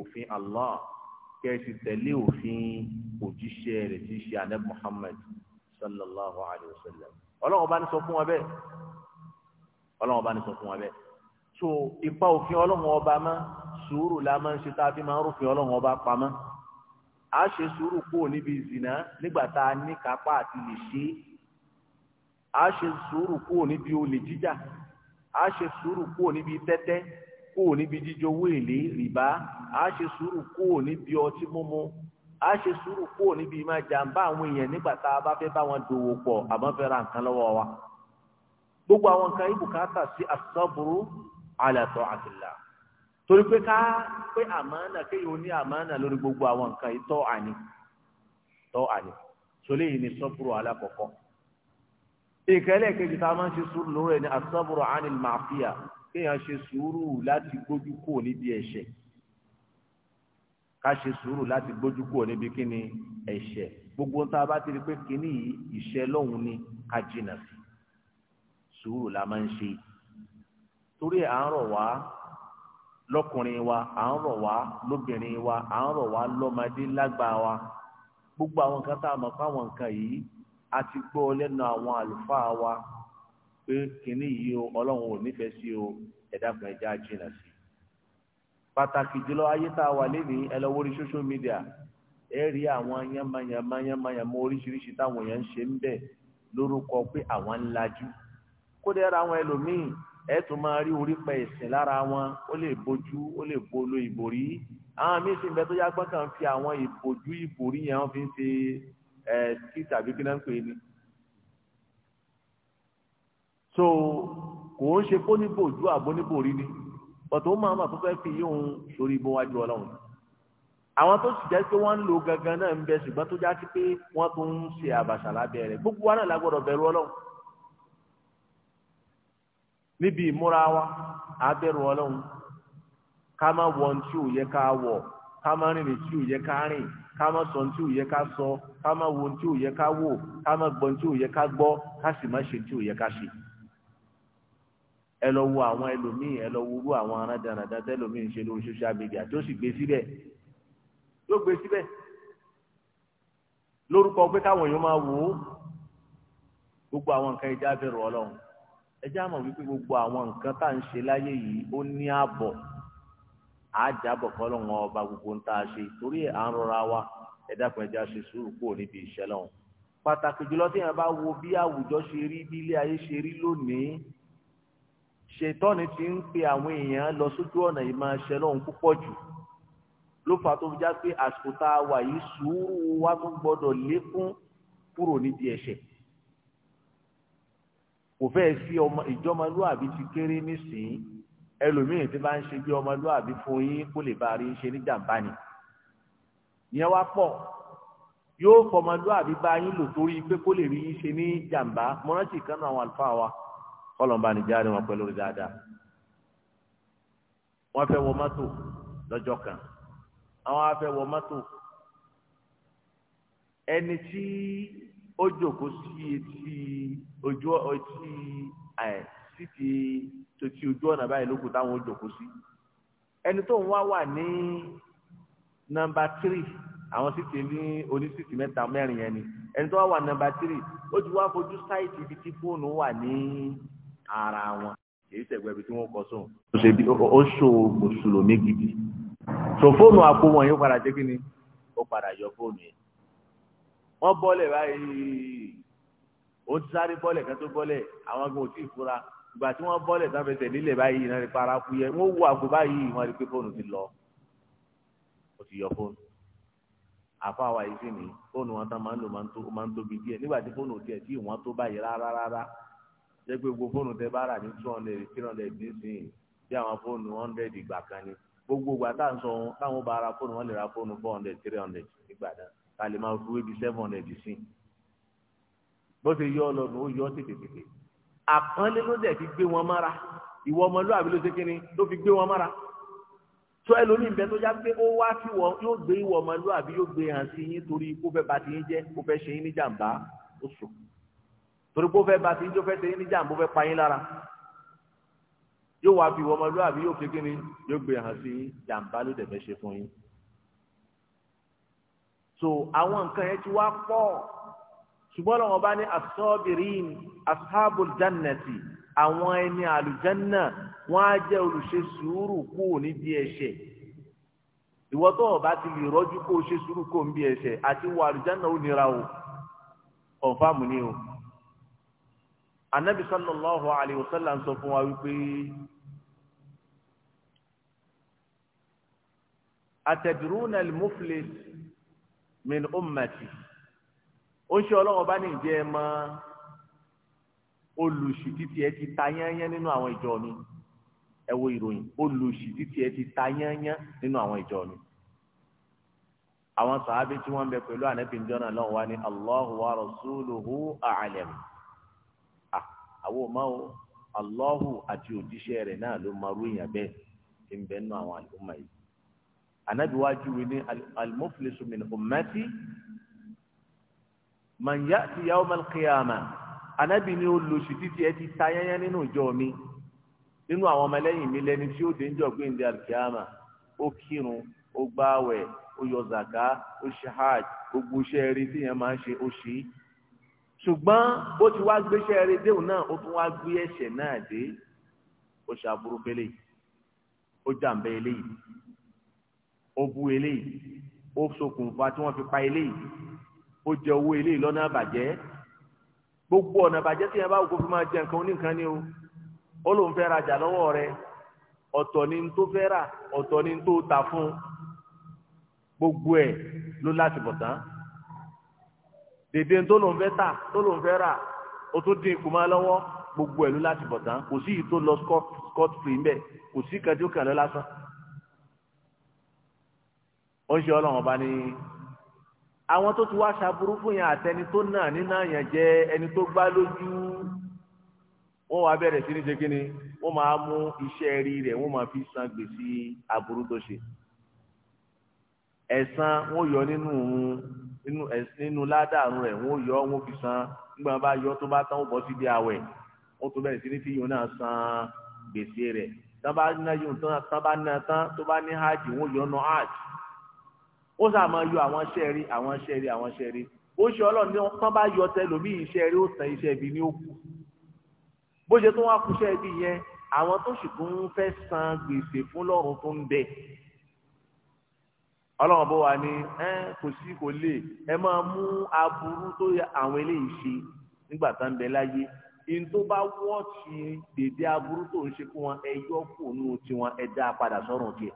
òfin allah kẹ́ ẹ sì tẹ̀lé òfin òjíṣẹ́ rẹ̀ tí í ṣe anabi muhammad sallallahu alayhi wa sallam ọlọ́run ọba ń sọ fún wa bẹ́ẹ̀ ọlọ́run ọba ní sọ fún wa bẹ́ẹ̀ so ipa òfin ọlọ́run ọba mọ́ sùúrù la máa ń ṣe tá a fi máa ń rúfin ọlọ́run ọba pamọ́ a ṣe sùúrù kúrò níbi ìzìnà nígbà tá a ní kápá àti lè ṣe é a ṣe sùúrù kúrò níbi olè jíjà a ṣe sùúrù kúrò níbi tẹ́tẹ́ kúrò níbi jíjọ owó èlé rìbá a ṣe sùúrù kúrò níbi ọtí mímu a ṣe sùúrù kúrò níbi máa jàǹbá àwọn èèyàn nígbà tá a bá fẹ́ bá wọn dòwò pọ̀ àmọ́ fẹ́ ra nǹkan lọ́wọ́ wa gbogbo àwọn nǹkan yìí bùkátà sí asọ́bùrú alẹ́tọ́ àtìlá torí pé ká pé àmánà kéyìí ó ní àmánà lórí gbogbo àwọn nǹkan yìí tọ́ àní tọ́ àní sọlẹ́ yìí ni sọ́bùrú alákọ̀ọ́kọ́ ìkẹlẹ̀ kejì tá a máa ń ṣe sùúrù lórí ẹni asọ́bùrú anil màfíà kéèyàn ṣe sùúrù láti gbójú kò níbi ẹ̀ṣẹ̀ ká ṣe sùúrù láti gbójú kò níbi kíni ẹ̀ṣẹ̀ gbogbo tá a bá ti rí pé kíní yìí ìṣẹ́ lọ́hùn ni ká jìnà sí sùúrù la máa ń ṣe torí à ń rọ̀ wá lọ́kùnrin wa à ń rọ̀ wá lóbìnrin wa à ń rọ̀ wá lọ́mọdé lágbà wa gbogbo àwọn nǹkan tá a mọ̀ fáwọn nǹkan yìí a ti gbọ́ lẹ́nu àwọn àlùfáà wa pé kínní yìí o ọlọ́run ò nífẹ̀ẹ́ sí o ẹ̀dá kan ẹja jìnnà sí pàtàkì jùlọ ayé tá a wà lẹ́nìí ẹ lọ wọrí social media ẹ rí àwọn yánmayànmayànmayànmọ́ oríṣiríṣi táwọn èèyàn ń ṣe ń bẹ̀ lórúkọ pé àwọn ń lajú kódà ẹ̀rọ àwọn ẹlòmíì ẹ̀ tún máa rí orí pẹ̀ ẹ̀sìn lára wọn ó lè bojú ó lè bolo ìbòrí àwọn míì sì ń bẹ tó yá gbọ́kàn fi àwọn ìbojú ìbòrí yẹn wọ́n fi ń ṣe ẹ̀ sí tàbí kí náà ń pè é ní. so kò ń ṣe bóníbòjú àbóníbòrí ni bọ̀tò ó máa ma tó fẹ́ fi yóò sórí ibo wájú ọlọ́run àwọn tó sì jẹ́ pé wọ́n ń lo gangan náà ń bẹ ṣùgbọ́n tó já sí pé wọ́n tún ń ṣe àbàṣà lábẹ́ rẹ̀ gbogbo wa náà la bẹ̀rù ọlọ́run níbi ìmúra wa àbẹ̀rù ọlọ́run ká má wọ ohun tí ò yẹ ká wọ̀ ká má rìn tí ò yẹ ká rìn ká má sọ ohun tí ò yẹ ká sọ ká má wo ohun tí ò yẹ ká wò ká má gbọ́ ohun tí ò yẹ ká gbọ́ ká sì má ṣe ohun tí ò yẹ ká ṣe. ẹ lọ wo àwọn ẹlòmíì ẹ lọ wo irú àwọn aráàdáradá tẹlòmíì ń ṣe lórí social media tó sì gbé síbẹ̀ yóò gbé síbẹ̀ lórúkọ pé káwọn èèyàn máa wò ó gbogbo àwọn nǹkan ẹja bẹ̀rù ọlọ́run ẹjẹ́ àmọ̀ wípé gbogbo àwọn nǹkan tá à ń ṣe láyé yìí ó ní ààbọ̀ àjàbọ̀ kọ́lọ́hún ọba gbogbo ń tá a ṣe torí à ń rọra wa ẹ̀dá kan ẹja ṣe sùúrù kúrò níbi ìṣẹ́ lọ́hùn. pàtàkì jùlọ tí yẹn bá wo bí àwùjọ ṣe rí bí ilé ayé ṣe rí lónìí ṣètọ́ni ti ń pe àwọn èèyàn lọ sójú ọ̀nà yìí máa ṣẹ lọ́hùn púpọ̀ jù ló fà tó fi já pé àsìkò tá a wà yìí sùúrù wa tó gbọ́dọ̀ lékún kúrò nídìí ẹ̀ṣẹ̀ kò fẹ́ẹ́ fi ọmọ ìjọmọlúàbí ti kéré nísìnyí ẹlòmíì tí bá ń ṣe bí ọmọlúàbí fún yín kó lè bá a rí ṣe ní jàǹbá ni ìyẹn wá pọ̀ yóò fọmọlúàbí bá yín lò torí pé kó lè rí yín ṣe ní jàǹbá mọ́rántì kan náà àwọn àlùfáà wa kọlọ̀ǹba nìjà ni wọn pẹ̀lú rí dáadáa wọ́n fẹ́ wọ mọ́tò lọ́jọ́ kan àwọn afẹ́ wọ mọ́tò ẹni tí Ojo jókòó sí etí ojú ọtí ẹ sí ti tó ti ojú ọ̀nà báyìí lókun táwọn ó jókòó sí ẹni tó ń wá wà ní nọ́mbà tírì àwọn síìtì ní onísìtì mẹ́ta mẹ́rin yẹn ni ẹni tó wá wà nọ́mbà tírì ó ti wá fojú sáìtì ibi tí fóònù wà ní ara wọn kì í ṣẹ̀gbẹ́ ibi tí wọ́n kọ sóun ó ṣe bí ó ṣò mùsùlùmí gidi so fóònù àpò wọn yóò padà jẹ́ kí ni ó padà yọ fóònù yẹn wọ́n bọ́lẹ̀ báyìí ó ti sáré bọ́lẹ̀ kan tó bọ́lẹ̀ àwọn gan ò tí ì fura ìgbà tí wọ́n bọ́lẹ̀ tó fẹsẹ̀ nílẹ̀ báyìí iná rí para kú yẹ wọ́n wo àgbo báyìí wọ́n rí pé fóònù ti lọ ó ti yọ fóònù àfa àwa yìí sì ní fóònù wọn tán máa ń lò máa ń tóbi díẹ̀ nígbà tí fóònù tiẹ̀ tí ìwọ̀n tó báyìí rárá rárá jẹ́ pé gbogbo fóònù tẹ bá rà ní two hundred three hundred nísìnyí bí àwọn fóònù hundred ìgbà kan ni gbogbo ìgbà táwọn bá ra fóònù wọn lè ra fóònù four hundred three hundred nígbà náà ká lè máa fi wébi seven hundred sí i bó ṣe yọ ọ lọ nù ó yọ ọ tètè tètè àpọ́nlé ló dẹ̀ fi gbé wọn mára ìwọ ọmọlúwàbí ló ṣe kí ni ló fi gbé wọn mára tó ẹ lónìí bẹ tó já pé ó wá sí wọn yóò gbé ìwọ ọmọlúwàbí yóò gbé hàn sí yín torí kó fẹ́ bà ti yín jẹ́ kó fẹ́ ṣe yín ní jàǹbá ó sùn torí kó fẹ́ bà ti yín tó fẹ́ ṣe yín ní jàǹbá ó fẹ́ pa yín lára yóò wá fi ìwọ ọmọlúwàbí yóò fi kí yóò gbé hàn sí yín jàǹbá ló dẹ̀ fẹ́ ṣe fún yín so àwọn nǹkan yẹn ti wá pọ̀ ṣùgbọ́n lọ́wọ́ bá ní asọ́bìrín ashabul jannati àwọn ẹni àlùjánná wọ́n á jẹ́ olùṣe sùúrù kú níbi ẹ̀ṣẹ̀ ìwọ tó o bá ti lè rọ́jú kó o ṣe sùúrù kó o ń bí ẹ̀ṣẹ̀ àti wọ àlùjánná ó nira o ọ̀fàmù ni o anabi sallallahu alayhi wa sallam sọ fún wa wípé atadruna al-muflis. min ummati ó ṣe ọlọ́wọ́ bá ní ìjẹ́ ẹ mọ olùsì títí ẹ ti ta yányán nínú àwọn ìjọ mi ẹ wo ìròyìn olùsì títí ẹ ti ta yányán nínú àwọn ìjọ mi àwọn sàábí tí wọ́n ń bẹ pẹ̀lú ànábì jọ́nà lọ́wọ́ wa ní allahu wa rasuluhu ah àwọn ò máa wo allahu àti náà ló máa ń bẹ nínú àwọn yìí. anabi wa juwe ni almuflisu min ummati man ya'ti yawm alqiyama anabi ni olùsì títí ẹ ti ta yányán nínú ìjọ mi nínú àwọn ọmọlẹ́yìn mi lẹni tí ó dé ń jọ gbé ndé alqiyama ó kírun ó gbáwẹ̀ ó yọ zàká ó ṣe hajj gbogbo iṣẹ́ rí tí yẹn máa ń ṣe ṣùgbọ́n bó ti wá gbéṣẹ́ rí déhùn náà ó tún wá gbé ẹ̀ṣẹ̀ náà dé ó ṣàbùrú pélé ó jàǹbá eléyìí ó bú eléyìí ó ṣokùnfà tí wọ́n fi pa eléyìí ó jẹ owó eléyìí lọ́nà àbàjẹ́ gbogbo ọ̀nà àbàjẹ́ tí yẹn bá wù kó fi máa jẹ nǹkan oníkan ni o ó lóun fẹ́ rajà lọ́wọ́ rẹ ọ̀tọ̀ ni n tó fẹ́ rà ọ̀tọ̀ ni n tó ta fún gbogbo ẹ̀ ló láti bọ̀ tán dèdè tó lòun fẹ́ tà tó lòun fẹ́ rà ó tún dín ikùn lọ́wọ́ gbogbo ẹ̀ ló láti bọ̀ tán kò sí ìtò lọ scot free ń kò sí ìkàdí ó lásán ó ṣe ọlọ́run ọba ní àwọn tó ti wá ṣàbùrú fún yẹn àtẹni tó náà nínà yẹn jẹ ẹni tó gbá lójú wọn wàá bẹ̀rẹ̀ sí ní ṣe kí ni wọn máa mú iṣẹ́ rí rẹ̀ wọn máa fi san gbèsè aburú tó ṣe ẹ̀san wọn yọ nínú nínú nínú ládàrú rẹ̀ wọn yọ wọn fi san nígbà wọn bá yọ tó bá tán wọn bọ́ síbi àwẹ̀ wọn tó bẹ̀rẹ̀ sí ní fíyàn náà san gbèsè rẹ̀ tán bá ná yóò tán tán bá ná tán tó bá ní hajj wọn yọ nù hajj ó sà máa yọ àwọn iṣẹ́ rí àwọn iṣẹ́ rí àwọn iṣẹ́ rí ó ṣe ọlọ́run ní wọ́n bá yọ tẹlòmíì iṣẹ́ rí ó tàn iṣẹ́ ibi ní òkú bó ṣe tó wá kúṣẹ́ ibi yẹn àwọn tó sì tún fẹ́ san gbèsè fún lọ́run tó ń bẹ ọlọ́run bó wa ní ẹ kò sí kò lè ẹ máa mú aburú tó yẹ àwọn eléyìí ṣe nígbà tá ń bẹ láyé in tó bá wọ́ọ̀tì dèdè aburú tó ń ṣe fún wọn ẹ yọ kó nù tiwọn ẹ dá padà sọ́run tiẹ̀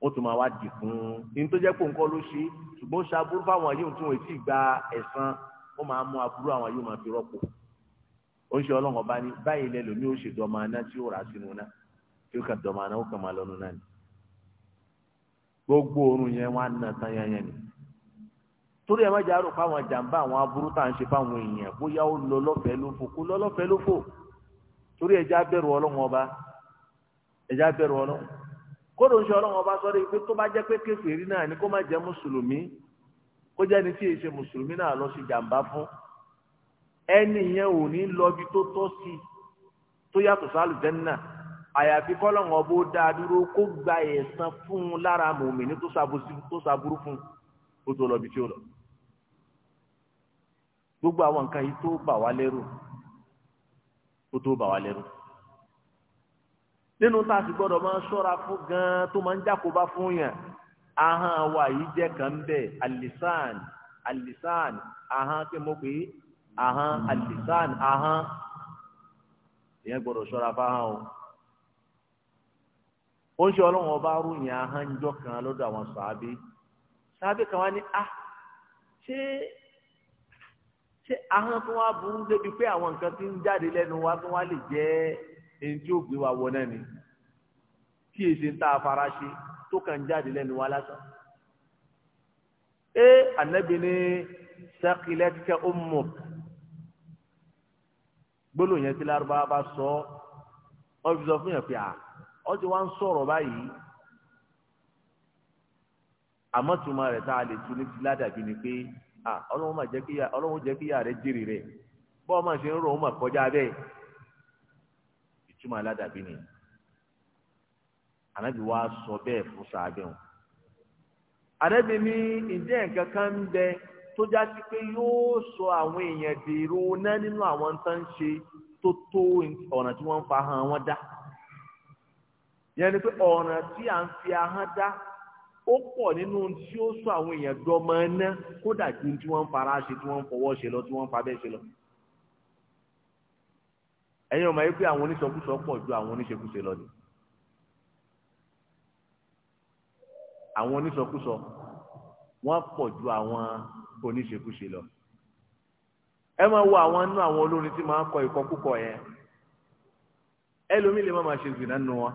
wọ́n tún máa wá dì fún un ní tó jẹ́ pé nǹkan ló ṣe ṣùgbọ́n ṣàbúrú fáwọn yìí tí wọ́n ti gba ẹ̀san wọ́n máa mú aburú àwọn yìí máa fi rọ́pò ó ń ṣe ọlọ́run ọba ní báyìí lẹ́lò ní oṣù dọ́mà náà tí ó rà sínú náà tí ó kà dọ́mà náà ó kà máa lọ́nu náà ni gbogbo oorun yẹn wọn á tán yẹn ni torí ẹ má jẹ́ àrò fáwọn jàǹbá àwọn aburú tá à ń ṣe fáwọn èèyàn bóyá ó lọ lọ́fẹ̀ẹ́ ló fò kó lọ lọ́fẹ̀ẹ́ ló fò torí ẹ jẹ́ abẹ́rù ọlọ́run ọba ẹ jẹ́ abẹ́rù ọlọ́run kódò ń ṣe ọlọ́run ọba sọ́dọ̀ pé tó bá jẹ́ pé kèfèrí náà ni kó má jẹ́ mùsùlùmí kó jẹ́ ni tí èyí ṣe mùsùlùmí náà lọ sí jàǹbá fún ẹni yẹn ò ní lọ bí tó tọ́ sí tó yàtọ̀ sálùjẹ́nà àyàfi kọ́lọ́run ọba ó dáa dúró kó gba ẹ̀san fún un lára mùmíní tó ṣàbúrú fún un ó tó lọ tí ó lọ gbogbo àwọn nǹkan yìí tó bà wá lẹ́rù ó tó bà wá lẹ́rù nínú tá a sì gbọ́dọ̀ máa ṣọ́ra fún gan tó máa ń jákòbá fún yàn ahọ́n wa yìí jẹ́ kan bẹ́ẹ̀ alisan alisan ahọ́n kí mo pè é ahọ́n alisan ahọ́n ìyẹn gbọ́dọ̀ ṣọ́ra fáhọ́n o ó ń ṣe ọlọ́run ọba ròyìn ahánjọ́ kan lọ́dọ̀ àwọn sàábé sàábé kan wá ní a ṣé ṣé ahọ́n tó wá burú débi pé àwọn nǹkan tí ń jáde lẹ́nu wa tó wá lè jẹ́ èyí tí gbé wa wọ náà ni kí èsì ń tá a fara ṣe tó kàn jáde lẹ́nu wa lásán. ee anabi ni sakilatika ummuk gbólóhùn yẹn tí lárúbáwá bá sọ ọ fi sọ fún yẹn pé à ọ ti wá ń sọ̀rọ̀ báyìí àmọ́ tuma rẹ̀ tá a lè tu ní ti ládàbí ni pé à ọlọ́run jẹ́ kíyà rẹ̀ jèrè rẹ̀ bọ́ọ̀ máa ṣe ń rọ̀ ọ́ mà kọjá bẹ́ẹ̀. ìtumọ̀ bi ni ànábì wa sọ bẹ́ẹ̀ fún sàábẹ̀ wọn. ànábì ni ìjẹ́ nǹkan kan ń pé yóò sọ àwọn èèyàn dèrò ná nínú àwọn tó ṣe tó tó ọ̀nà tí wọ́n fa wọn dá. yẹn ni pé ọ̀nà tí à ń fi ahọ́n dá ó pọ̀ nínú tí ó sọ àwọn èèyàn dọ́mọ ná kódà fara ṣe tí wọ́n fọwọ́ ṣe lọ tí wọ́n fa bẹ́ẹ̀ ṣe lọ. ẹ̀yin ọmọ yìí pé àwọn oníṣọkúṣọ pọ̀ ju àwọn oníṣekúṣe lọ ni àwọn oníṣọkúṣọ wọ́n pọ̀ ju àwọn oníṣekúṣe lọ ẹ máa wo àwọn inú àwọn olórin tí máa ń kọ ìkọkúkọ yẹn ẹlòmíì lè má máa ṣe zìnnà nù wọn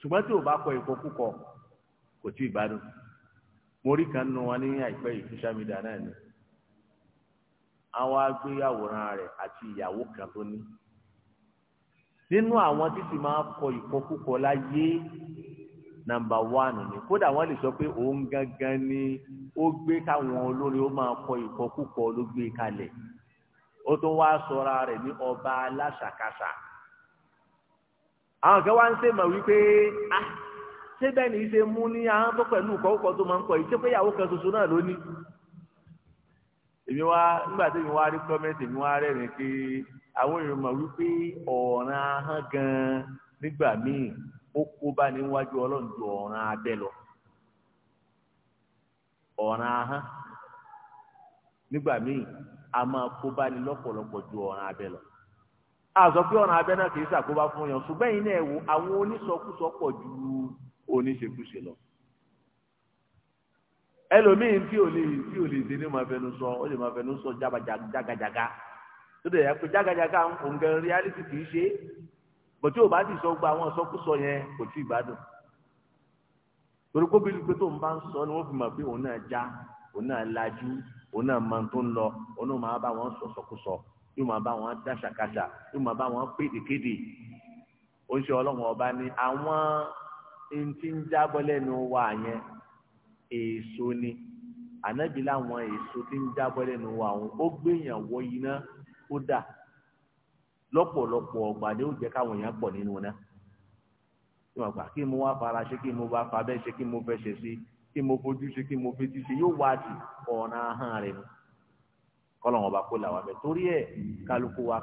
ṣùgbọ́n tí o bá kọ ìkọkúkọ kò tí ì gbádùn mo rí kan nù wọn ní àìpẹ́ yìí social náà ni. àwọn agbéyàwòrán rẹ̀ àti ìyàwó kan tó ní nínú àwọn títí máa kọ ìkọkúkọ láyé nàmbà wánù ni kódà wọn lè sọ pé òun gangan ni ó gbé káwọn olórin ó máa kọ ìkọkúkọ ló gbé kalẹ̀ ó tún wá sọra rẹ̀ ní ọba aláṣàkáṣà àwọn kan wá ń ṣe mọ̀ wípé ah ṣé bẹ́ẹ̀ ni ṣe mú ní àwọn tó pẹ̀lú ìkọkúkọ tó máa ń kọ yìí ṣé pé ìyàwó kan ṣoṣo náà ló ní èmi wá nígbà tí èmi wá rí kọ́mẹ́ntì èmi wá pé àwọn èèyàn mọ̀ wípé ọ̀ràn ahọ́n gan-an nígbà míì ó kó bá níwájú ọlọ́run ju ọ̀ràn lọ ọ̀ràn ahọ́n nígbà míì a máa kó bá ní lọ́pọ̀lọpọ̀ ju ọ̀ràn abẹ́ lọ a sọ pé ọ̀ràn abẹ́ náà kì í ṣàkóbá fún yàn ṣùgbọ́n ìyẹn náà wò àwọn pọ̀ ju lọ. ẹlòmíín tí ò lè tí ò lè ma fẹnu sọ ó lè ma fẹnu sọ jagajaga tó dẹ̀ yẹ jagajaga jágàjàgà reality kì í ṣe bá ti sọ gba àwọn sọkúsọ yẹn kò tí ì gbádùn tó ń ni wọn fi ma pé òun náà já òun náà lajú òun náà máa tó ń lọ òun náà máa bá wọn sọ sọkúsọ yóò máa bá wọn yóò máa bá wọn pédèkéde èso ni ànábì láwọn èso tí ń jábọ́ lẹ́nu wa òun ó gbéyàn wọ iná ó dà lọ́pọ̀lọpọ̀ ọgbà ni ó jẹ́ káwọn èèyàn pọ̀ nínú náà tí gbà kí mo wá fara ṣe kí mo bá fa bẹ́ẹ̀ ṣe kí mo fẹ́ ṣe sí kí mo fojú ṣe kí mo fetí ṣe yóò wá wa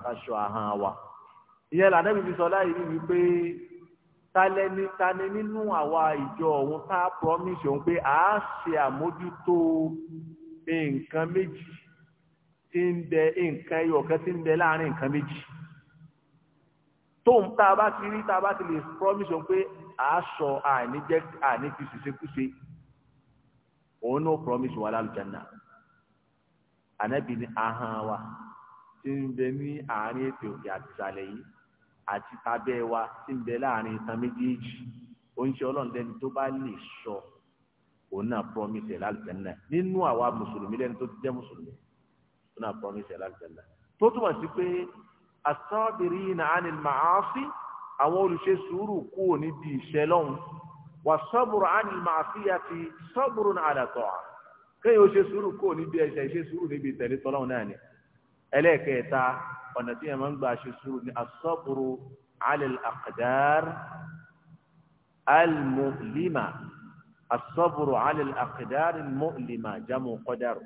ká ahọ́n wa ìyẹn làdẹ́bí fi talẹni tani nínú àwa ìjọ ọ̀hún tá a promise òun pé a ṣe àmójútó nǹkan méjì tí ń bẹ nǹkan ẹyọ kan tí ń bẹ láàrin nǹkan méjì tóun tá a bá ti rí tá a bá ti lè promise òun pé a sọ àní jẹ àní fi ṣèṣekúṣe òun náà promise wà lálùjáná ànábì ní ahọ́n wa tí ń bẹ ní àárín ètò òkè àti ìsàlẹ̀ yìí àti tabẹ́ wa tí ń bẹ láàrin itan méjèèjì oúnjẹ ọlọ́run lẹ́ni tó bá lè sọ òun náà promise ẹ̀ lálùjánnà nínú àwa mùsùlùmí lẹ́ni tó ti jẹ́ mùsùlùmí òun náà promise ẹ̀ lálùjánnà tó túmọ̀ sí pé as-sabirina 'anil ma'asi àwọn olùṣe sùúrù kúrò níbi ìṣẹ́ lọ́hùn wa sabru 'anil ma'siyati sabrun 'ala ta'a kéèyàn ó ṣe sùúrù kúrò níbi ẹ̀ṣẹ̀ ìṣe sùúrù níbi ìtẹ̀lé ọ̀nà tí yẹn máa ń gbà ṣe sùúrù ní asọ́bùrù alẹ́ àkàdár almu'lima asọ́bùrù alẹ́ àkàdár almu'lima jamu kọ́dárù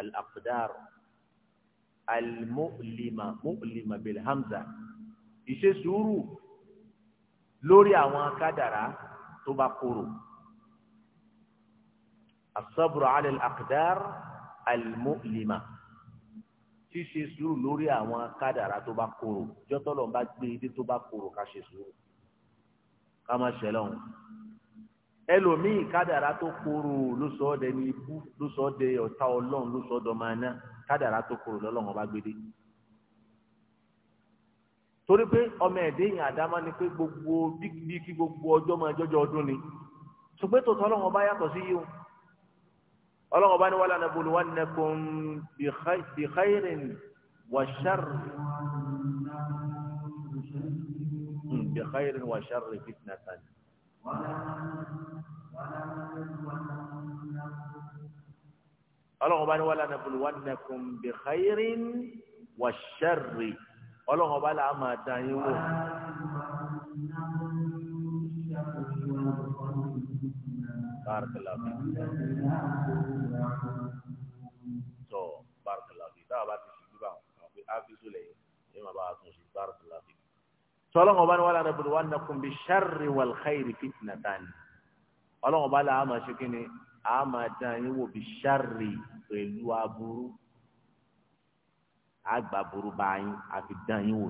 alàkàdárù almu'lima mu'lima bil hamza ìṣe sùúrù lórí àwọn akádàrá tó bá kúrò asọ́bùrù alẹ́ àkàdár almu'lima ṣíṣe sùúrù lórí àwọn kádàrá tó bá korò jọ́tọ́lọ́ bá gbé ilé tó bá korò ká ṣe sùúrù ká má ṣẹlẹ̀ ọ̀hún. ẹlòmíì kádàrá tó korò ló sọ ọ́ dẹni ibú ló sọ ọ́ dẹ ọ̀tá ọlọ́run ló sọ ọ́ dọ́mọ aná kádàrá tó korò lọ́lọ́run ọba gbé dé. torí pé ọmọ ẹ̀dẹ́ yìí àdámá ni pé gbogbo bí gbogbo ọjọ́ máa jọjọ́ ọdún ni ṣùgbọ́n tó tọ́lọ́run ọba yàtọ̀ sí yìí ọlọ́run ọba ní wàhálà náà bolo wọn nẹkùn bí xayirin wàṣàr bí xayirin wàṣàr fitna tan. ọlọ́run ọba ní wàhálà náà bolo wọn nẹkùn bí xayirin wàṣàr ọlọ́run ọba là á máa dán yín wò. بارك الله فيك sọlọ́n ọba ni wọ́n lára bolo wọn nàkún bí sáré wàl xayiri fitinà tani ọlọ́n ọba la àmà sókèné àmà dán yín wò bí sáré pẹ̀lú aburú àgbà burú báyìí àfi dán yín wò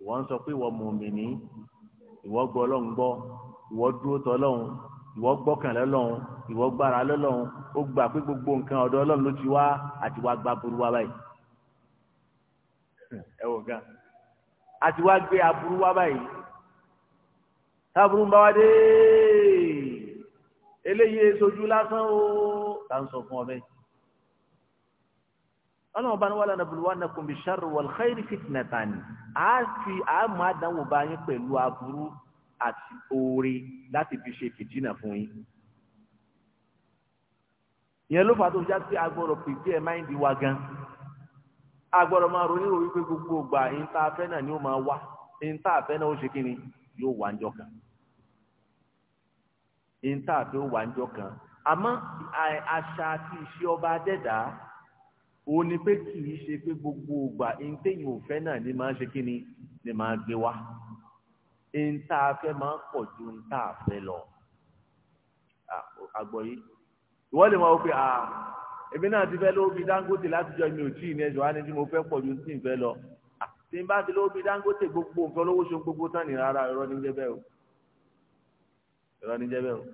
ìwọ ń sọ pé ìwọ mùmíní ìwọ gbọ́ ọlọ́run gbọ́ ìwọ dúró tọ́ ọlọ́run ìwọ gbọ́kànlé ọlọ́run ìwọ gbára lọ́lọ́run ó gbà pé gbogbo nǹkan ọ̀dọ̀ ọlọ́run ló ti wá àti wá gbá burú wá báyìí ẹ wò gan àti wá gbé aburú wá báyìí táburú ń bá wá dé eléyìí sojú lásán o tá n sọ fún ọ bẹ́ẹ̀ ọlọ́run bá ní wàhálà nàbùlù wà nàkùn bí sàrù wal khairi fitnatan á fi àmọ́ àdánwò bá yín pẹ̀lú aburú àti oore láti fi ṣe fìtínà fún yín ìyẹn ló fà tó fi já sí agbọ́dọ̀ pèsè ẹ̀ máìndì wa gan agbọ́dọ̀ máa ronú ìròyìn pé gbogbo ìgbà ìta afẹ́ náà ni ó máa wá ìta afẹ́ náà ó ṣe kí ni yóò wá njọ́ kan ìta afẹ́ ó wá njọ́ kan àmọ́ àṣà àti ìṣe ọba adẹ́dá òun ni pé kì í ṣe pé gbogbo ìgbà ìtẹ̀yìn òfẹ́ náà ni máa ṣe kí ni ni máa gbé wá ìta afẹ́ máa pọ̀ ju ìta afẹ́ lọ agbọ̀ yìí ìwọ́n lè máa wọ pé èmi náà ti fẹ́ lówó bíi Dangote látijọ́ mi ò tí ì ní ẹjọ́ á ní tí mo fẹ́ pọ̀ ju sí ìfẹ́ lọ tí n bá ti lówó bíi Dangote gbogbo nǹkan olówó ṣe gbogbo tán ní rárá irọ́ ní jẹ́ bẹ́ẹ̀ o irọ́ ní jẹ́ bẹ́ẹ̀ o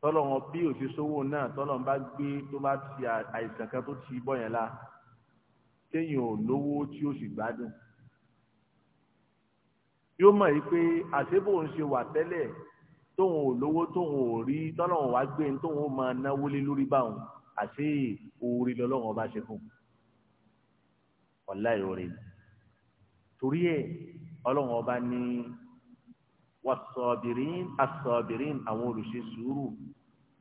tọ́lọ̀ wọn bí òsì sówó náà tọ́lọ̀ ń bá gbé tó bá ti àìsàn kan tó ti bọ̀ yẹn la kéèyàn ò lówó tí ó sì gbádùn yóò mọ̀ yìí pé àṣebò ń ṣe wà tẹ́lẹ̀ tóun ò lówó tóun ò rí tọ́lọ́run wá gbé ní tóun ó máa náwó lé lórí báwọn àti oore lọ́lọ́run ọba ṣe fún ọláì oore torí ẹ ọlọ́run ọba ní wasọ̀bìrín asọ̀bìrín àwọn olùṣe sùúrù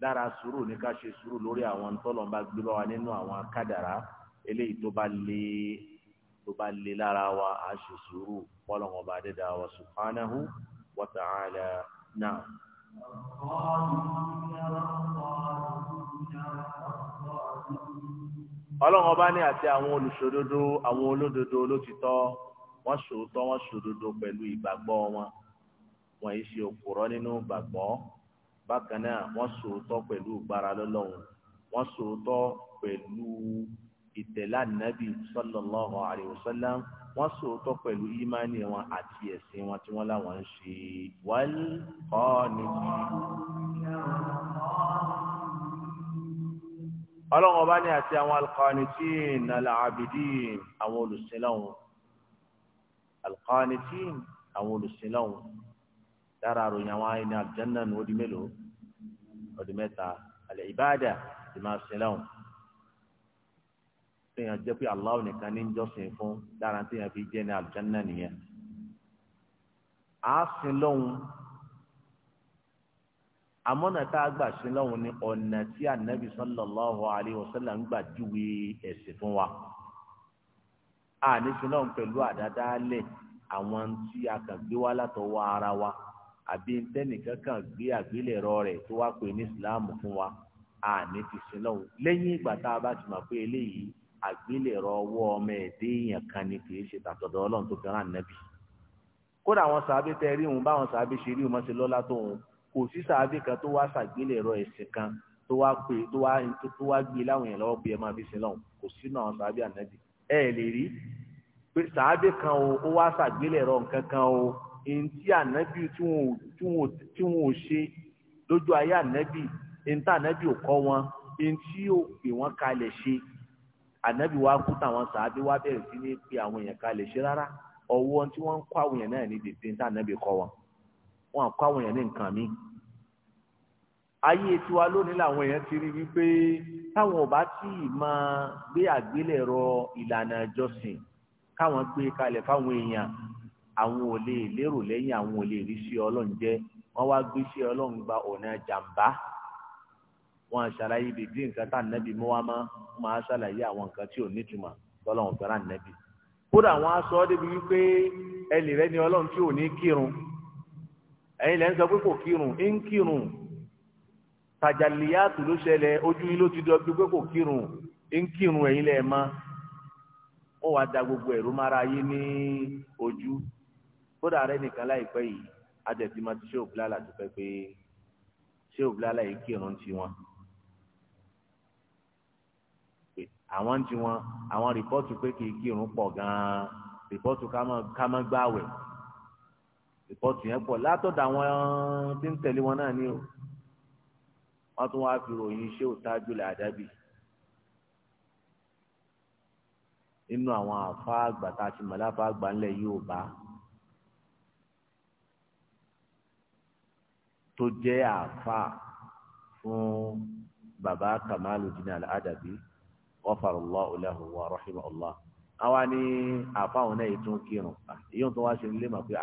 dára sùúrù ní ká ṣe sùúrù lórí àwọn ntọ́lọ́run bá gbé bá nínú àwọn akádàrá eléyìí tó bá lé tó bá lé lára wa á sùúrù ọlọ́run ọba adẹ́dàá wa subhanahu wa náà ọlọ́run ọba ní àti àwọn olùṣòdodo àwọn olódodo olótìtọ́ wọ́n ṣòótọ́ wọ́n ṣòdodo pẹ̀lú ìgbàgbọ́ wọn wọ́n yìí ṣe òpùrọ́ nínú ìgbàgbọ́ bákan náà wọ́n ṣòótọ́ pẹ̀lú ìgbára lọ́lọ́run wọ́n ṣòótọ́ pẹ̀lú ìtẹ̀lá nàbì sallallahu alaihi wasallam wọ́n sòótọ́ pẹ̀lú ìmánì wọn àti ẹ̀sìn wọn tí wọ́n láwọn ń ṣe wal qanitin. ọlọ́run ọba ní àti àwọn al-qanitin àwọn olùsìnláwọn al àwọn olùsìnláwọn dára àròyìn àwọn ẹni àbújá náà ní ó mélòó ó di mẹ́ta al ìmọ̀ àṣìláwọn téèyàn jẹ́ pé Allah nìkan ní jọ́sìn fún dára téèyàn fi jẹ́ ní àlùjánnà nìyẹn àá sin lọ́hùn àmọ́nà tá a gbà sin lọ́hùn ni ọ̀nà tí ànábì sallallahu alayhi wa sallam ń gbà júwe ẹ̀sìn fún wa a ní sin lọ́hùn pẹ̀lú àdádálẹ̀ àwọn tí a kàn gbé wá látọwọ́ ara wa àbí ntẹ́nìkan kan gbé àgbélẹ̀rọ rẹ̀ tó wá pè ní Islam fún wa a ní ti sin lẹ́yìn ìgbà tá a bá ti mọ̀ pé eléyìí àgbélẹ̀rọ ọwọ́ ọmọ ẹ̀dẹ́ èèyàn kan ni kì í ṣe tàtọ̀dọ̀ ọlọ́run tó fẹ́ràn nẹ́bì kódà àwọn sàábé tẹ rí òun báwọn sàábé ṣe rí òun mọ́ṣe lọ́lá tó òun kò sí sàábé kan tó wá ṣàgbélẹ̀rọ ẹ̀sìn kan tó wá pè tó wá tó wá gbé láwọn èèyàn lọ́wọ́ pé ẹ máa fi sin lọ́hùn kò sínú àwọn sàábé ànẹ́bì ẹ lè rí pé sàábé kan o ó wá ṣàgbélẹ̀rọ nǹkan kan o èyí ànẹ́bì tí wọn ò ṣe lójú ayé ànẹ́bì èyí ànẹ́bì ò kọ́ wọn èyí ò pè wọ́n kalẹ̀ ṣe ànábì wa kú táwọn sàábí wa bẹ̀rẹ̀ sí ní pe àwọn èèyàn ká lè ṣe rárá ọwọ́ tí wọ́n ń kọ́ àwọn èèyàn náà ní dèdè ní ànábì kọ́ wọn wọn kọ́ àwọn èèyàn ní nǹkan míì ayé tiwa lónìí làwọn èèyàn ti rí wípé táwọn ò bá tí ì máa gbé àgbélẹ̀rọ ìlànà ìjọsìn káwọn gbé kalẹ̀ fáwọn èèyàn àwọn ò lè lérò lẹ́yìn àwọn ò lè rí sí ọlọ́run jẹ́ wọ́n wá gbé sí ọlọ́run gba ọ̀nà jàǹbá wọn ṣàlàyé ibi bí nǹkan tá nẹ́bí mú wa a ṣàlàyé àwọn nǹkan tí ò nítumọ̀ tọ́lọ́run fẹ́ràn nẹ́bí. kódà wọn á débi wípé ẹnì rẹ ni ọlọ́run tí ò ní kírun ẹ̀yin lẹ́ ń sọ pé kò kírun ń kírun ló ojú yín ló ti dọ pé kò kírun ń kírun ó wàá da gbogbo ní ojú kódà rẹ nìkan yìí adẹ̀tí ma ti pé ṣé àwọn ti wọn àwọn rìpọ́tù pé kì í kírun pọ̀ gan-an rìpọ́tù ká má gbààwẹ̀ rìpọ́tù yẹn pọ̀ látọ̀dọ̀ àwọn tí ń tẹ̀lé wọn náà ní o wọ́n tún wáá fi ròyìn iṣẹ́ òtájú lẹ̀ àdábì nínú àwọn àfáàgbà tá a ti mọ̀ láfáàgbà ńlẹ̀ yóò bá tó jẹ́ àfáà fún bàbá Kamalu dina al-Adabi ghafara Allahu lahu wa rahimahu Allah àwa ni àfáwọn náà yìí tún kírun yóò tún wá ṣe nílé mà pé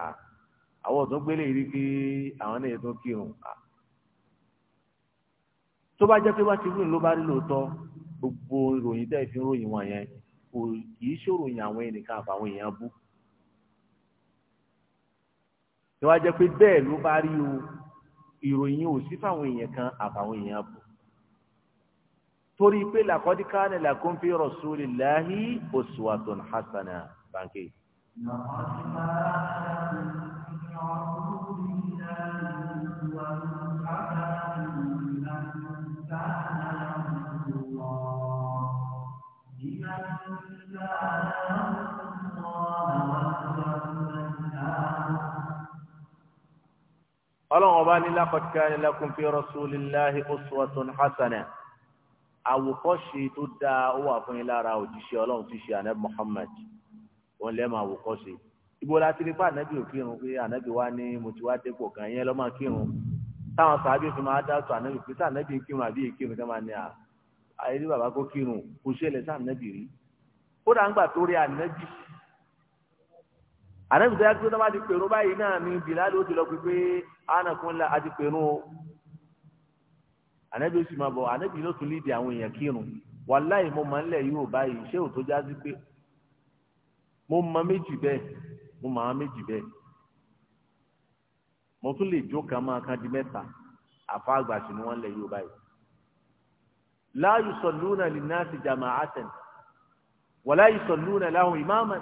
àwọn ò tún gbélé yìí kí àwọn náà yìí tún kírun tó bá jẹ́ pé bá ti wí ló bá rí lóòótọ́ gbogbo ìròyìn tẹ́ fi ń ròyìn wọn yẹn kò kì í ṣòròyìn àwọn ẹnìkan àbáwọn èèyàn bú tó bá jẹ́ pé bẹ́ẹ̀ ló bá rí o ìròyìn ò sí fáwọn èèyàn kan àbáwọn èèyàn bú torí pé làkọ́dí kánà lakum fi rasulillahi uswatun hasana bànkì. ọlọ́run ọba ní laqad kana lakum fi rasulillahi uswatun hasana àwòkọ́ṣe tó dáa ó wà fún yín lára òjíṣẹ́ ọlọ́run ti ṣe ànábì Muhammad òun lẹ́ẹ̀mọ àwòkọ́ṣe ibo la ti rí pé ànábì ò kírun pé ànábì wa ní mo ti wá dépò kan yẹn lọ́ máa kírun táwọn sàábì fi máa dá tó ànábì pé sànábì ń kírun àbí èkírun tó máa ní à àyèrí bàbá kó kírun kò ṣẹlẹ̀ sànábì rí kódà ńgbà tó rí ànábì ànábì tó yá kí wọ́n bá ti pèrò báyìí náà ní bìlá ànábì ó sì máa bọ̀ ànábì ló tún lídìí àwọn èèyàn kírun wàláì mo máa ń lẹ̀ yóò báyìí ṣé ò tó já sí pé mo mọ méjì bẹ́ẹ̀ mo mọ méjì bẹ́ẹ̀ mo tún lè jó kan máa kan di mẹ́ta àfa àgbà sí ni wọ́n lẹ̀ yóò báyìí láàyè sọ̀lúnà lè náà ti jà máa àtẹ̀ wàlá ìsọ̀lúnà láwọn ìmáàmà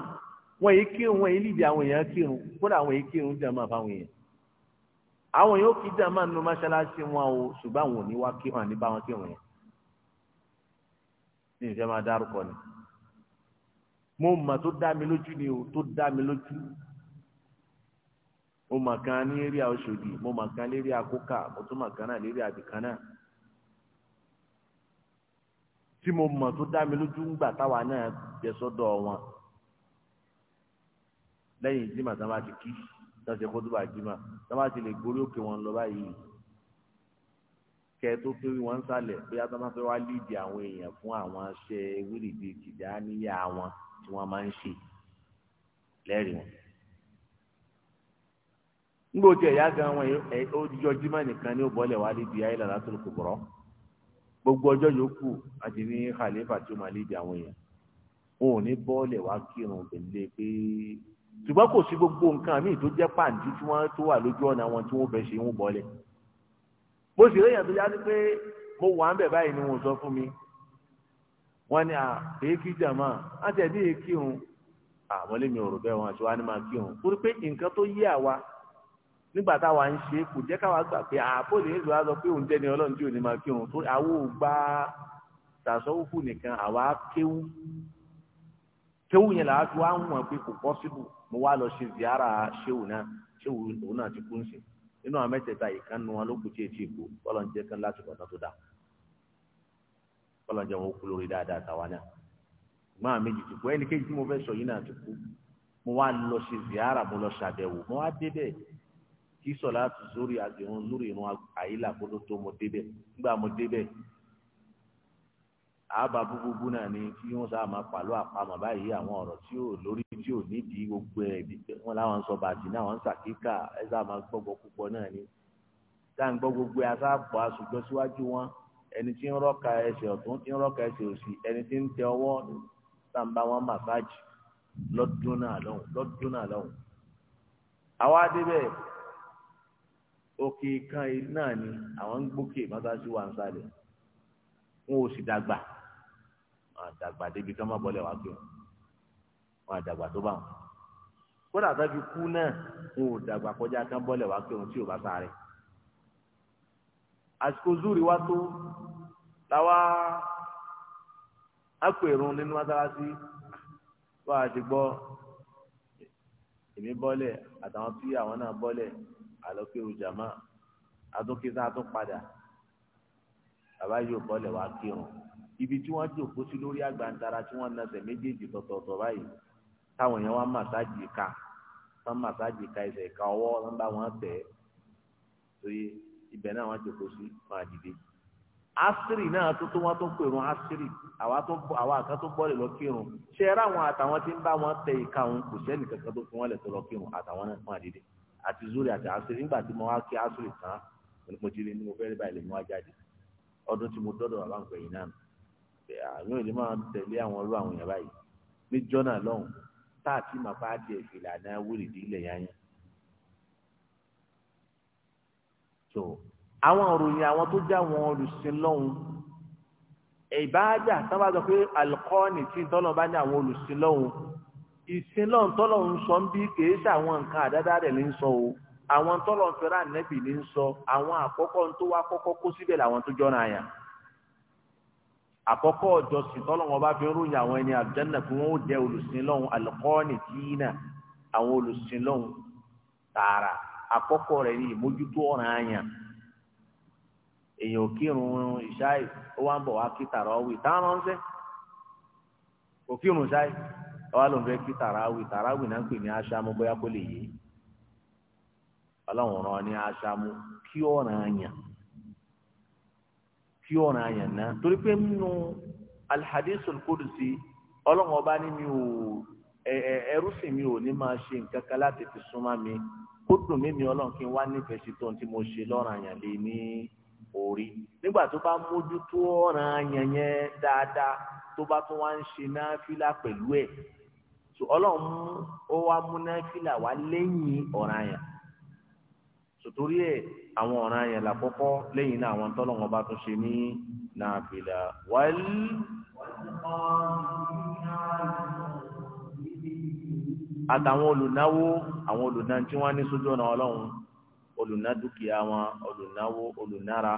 wọ́n yìí kírun wọ́n yìí lídìí àwọn èèyàn kírun kódà àwọn yóò kí jàmá nínú mọ́ṣáláṣí wọn o ṣùgbọ́n àwọn ò ní wá kí wọn ní bá wọn kí wọn yẹn ní ìfẹ́ máa dárúkọ ni mo mà tó dá mi lójú ni o tó dá mi lójú mo mà kan ní eré Ọ̀ṣọ́dì mo mà kan lérí akókà mo tún mà kan náà lérí àbìkan náà tí mo mọ̀ tó dá mi lójú ńgbà táwa náà jẹ sọ́dọ̀ wọn lẹ́yìn tí màtá bá ti kí i tó ṣe kótóbà jimá tó bá ti lè gorí òkè wọn lọ báyìí kẹ tó pé wọn ń sálẹ̀ bóyá tó máa fẹ́ wá lídìí àwọn èèyàn fún àwọn aṣẹ wíìlìdì tìjà níyà wọn tí wọ́n máa ń ṣe lẹ́rìí wọn. nígbà tí ẹ̀yà gan wọn ọjọ́ jimá nìkan ni ó bọ́lẹ̀ wá lídìí ayé lọ́la tó kò bọ̀rọ̀ gbogbo ọjọ́ yòókù àti ní khalifa tí ó máa lídìí àwọn èèyàn wọn ò ní bọ́ọ̀lẹ̀ wá kírun pẹ̀lú pé ṣùgbọ́n kò sí gbogbo nǹkan míì tó jẹ́ pàǹtí tí wọ́n tó wà lójú ọ̀nà wọn tí wọ́n fẹ́ ṣe ń bọ́lẹ̀ mo sì lóyìn àti yára pé mo wà ń bẹ̀ báyìí ni wọ́n sọ fún mi wọ́n ní èékí jàmá àti ẹ̀dí èékí òun àwọn lèmi ò rò bẹ́ẹ̀ wọn àti wọn á ní máa kí òun torí pé nǹkan tó yé àwa nígbà táwa ń ṣe kò jẹ́ káwa gbà pé àbò lè lò sọ pé òun jẹ́ni ọlọ́run tí ò kéwù yẹn làá tó àwọn àwọn pé kò pọ́sibù mo wá lọ ṣe ziara ṣéwù náà ṣéwù òun náà ti kú ń sìn nínú àwọn mẹ́tẹ̀ẹ̀ta kan nu wọn ló kù tí ètí ìgbò bọ́lọ̀ ń jẹ́ kán láti bọ̀ tó dáa bọ́lọ̀ ń jẹ́ wọn ó kú lórí mo fẹ́ sọ yìí náà ti kú mo wá lọ ṣe ziara mo lọ ṣàbẹ̀wò mo wá débẹ̀ kí sọ̀lá àbá búbúbú náà ni tí wọ́n sábà máa pàlọ́ àpamọ̀ báyìí àwọn ọ̀rọ̀ tí ò lórí tí ò nídìí gbogbo ẹ̀ wọn làwọn ń sọ bàtì náà wọ́n ń sàkíkà ẹ sábà máa gbọ́gbọ́ púpọ̀ náà ni tá à ń gbọ́ gbogbo asáàpọ̀ aṣùgbọ́ síwájú wọn ẹni tí ń rọ́ka ẹsẹ̀ ọ̀tún tí ń rọ́ka ẹsẹ̀ òsì ẹni tí ń tẹ ọwọ́ tá à ń bá wọn màsáàjì lọ́dún náà lọ́hùn lọ́dún náà lọ́hùn àwa débẹ̀ òkè kan náà ni àwọn ń gbókè mọ́tàṣí wa ń sálẹ̀ wọn ò sì dàgbà wọn àdàgbà débi kí wọn má bọ́lẹ̀ wá pé wọn àdàgbà tó bá wọn kódà tó fi kú náà wọn ò dàgbà kọjá kán bọ́lẹ̀ wá pé wọn tí ò bá sáré àsìkò zúri wá tó làwa àpèrún nínú mọ́sálásí bá a gbọ́ èmi bọ́lẹ̀ àtàwọn tí àwọn náà bọ́lẹ̀ àlọ́kẹ́rù jàmá àtúnkẹ́sà tún padà bàbá yóò bọ́lẹ̀ wá kírun ibi tí wọ́n jòkó sí lórí àgbàǹtara tí wọ́n nasẹ̀ méjèèjì tọ̀tọ̀ọ̀tọ̀ báyìí táwọn èèyàn wá màsáàjì ká wọ́n màsáàjì ká ẹsẹ̀ ká ọwọ́ wọ́n bá wọn tẹ̀ ẹ́ torí ibẹ̀ náà wọ́n jòkó sí máa dìde. asiri náà tó tó wọ́n tó pèrún asiri àwa kan tó bọ́ọ̀lì lọ kírun ṣe é ráwọn àtàwọn tí ń bá wọn tẹ ìka òun kò sẹ́ni kankan tó fi wọ́n lẹ̀ tó lọ kírun àtàwọn náà máa dìde àti zuri àti asiri nígbà tí mo wá kí asiri tán mo ti rí ni mo fẹ́ rí báyìí lè mú wa jáde ọdún tí mo dọ́dọ̀ bàbá nǹkan yìí náà àmì ò lè máa tẹ̀lé àwọn ọlọ́ àwọn èèyàn báyìí ní jọ́nà lọ́hùn tá máa bá díẹ̀ ìlànà wíìrìdì ilẹ̀ yá yín. so àwọn òròyìn àwọn tó jẹ́ àwọn olùsìn lọ́hùn ìbáàjà sábà sọ pé alikọ́ọ̀nì tí tọ́lọ̀ bá ní àwọn olùsìn lọ́hùn ìsìn lọ́hùn tọ́lọ̀ ń sọ ń bí kìí ṣe àwọn nǹkan àdáda rẹ̀ ní ń sọ o àwọn tọ́lọ̀ ń fẹ́ràn nẹ́bì ní ń sọ àwọn àkọ́kọ́ tó wá kọ́kọ́ kó síbẹ̀ làwọn tó jọ́ra yàn àkọ́kọ́ ọ̀jọ̀sìn tọ́lọ́wọ́n bá fi ròyìn àwọn ẹni àlùjánnà kí wọ́n ó jẹ́ olùsìn lọ́hùn alùkọ́ọ̀nì tìǹà àwọn olùsìn lọ́hùn tààrà àkọ́kọ́ rẹ̀ ní ìmójútó ọ̀ràn àyàn èèyàn kírun ìṣáì ó wá ń bọ̀ wá kí tàràwì tàránṣẹ́ kò kírun ìṣáì ọwọ́ ló ń fẹ́ kí tàràwì tàràwì náà ń pè ní aṣáámú bóyá kó lè yé ọlọ́run rán ní aṣáámú kí ọ̀ràn àyàn sí anya na náà torí pé nínú alhadisul kudusi ọlọ́run ọba ní mi ò mi ò ní ma ṣe nǹkan láti fi súnmọ́ mi kó dùn mi kí n wá nífẹ̀ẹ́ sí tí mo ṣe lọ́ràn àyàn lé ní orí sòtórí ẹ̀ àwọn ọ̀ràn yẹn là kọ́kọ́ lẹ́yìn náà àwọn tọ́lọ́wọ́n bá tún ṣe ní nàbìlà wáyé. àtàwọn olùnáwó àwọn olùná tí wọ́n ní sójú ọ̀nà ọlọ́run olùná dúkìá wọn olùnáwó olùnára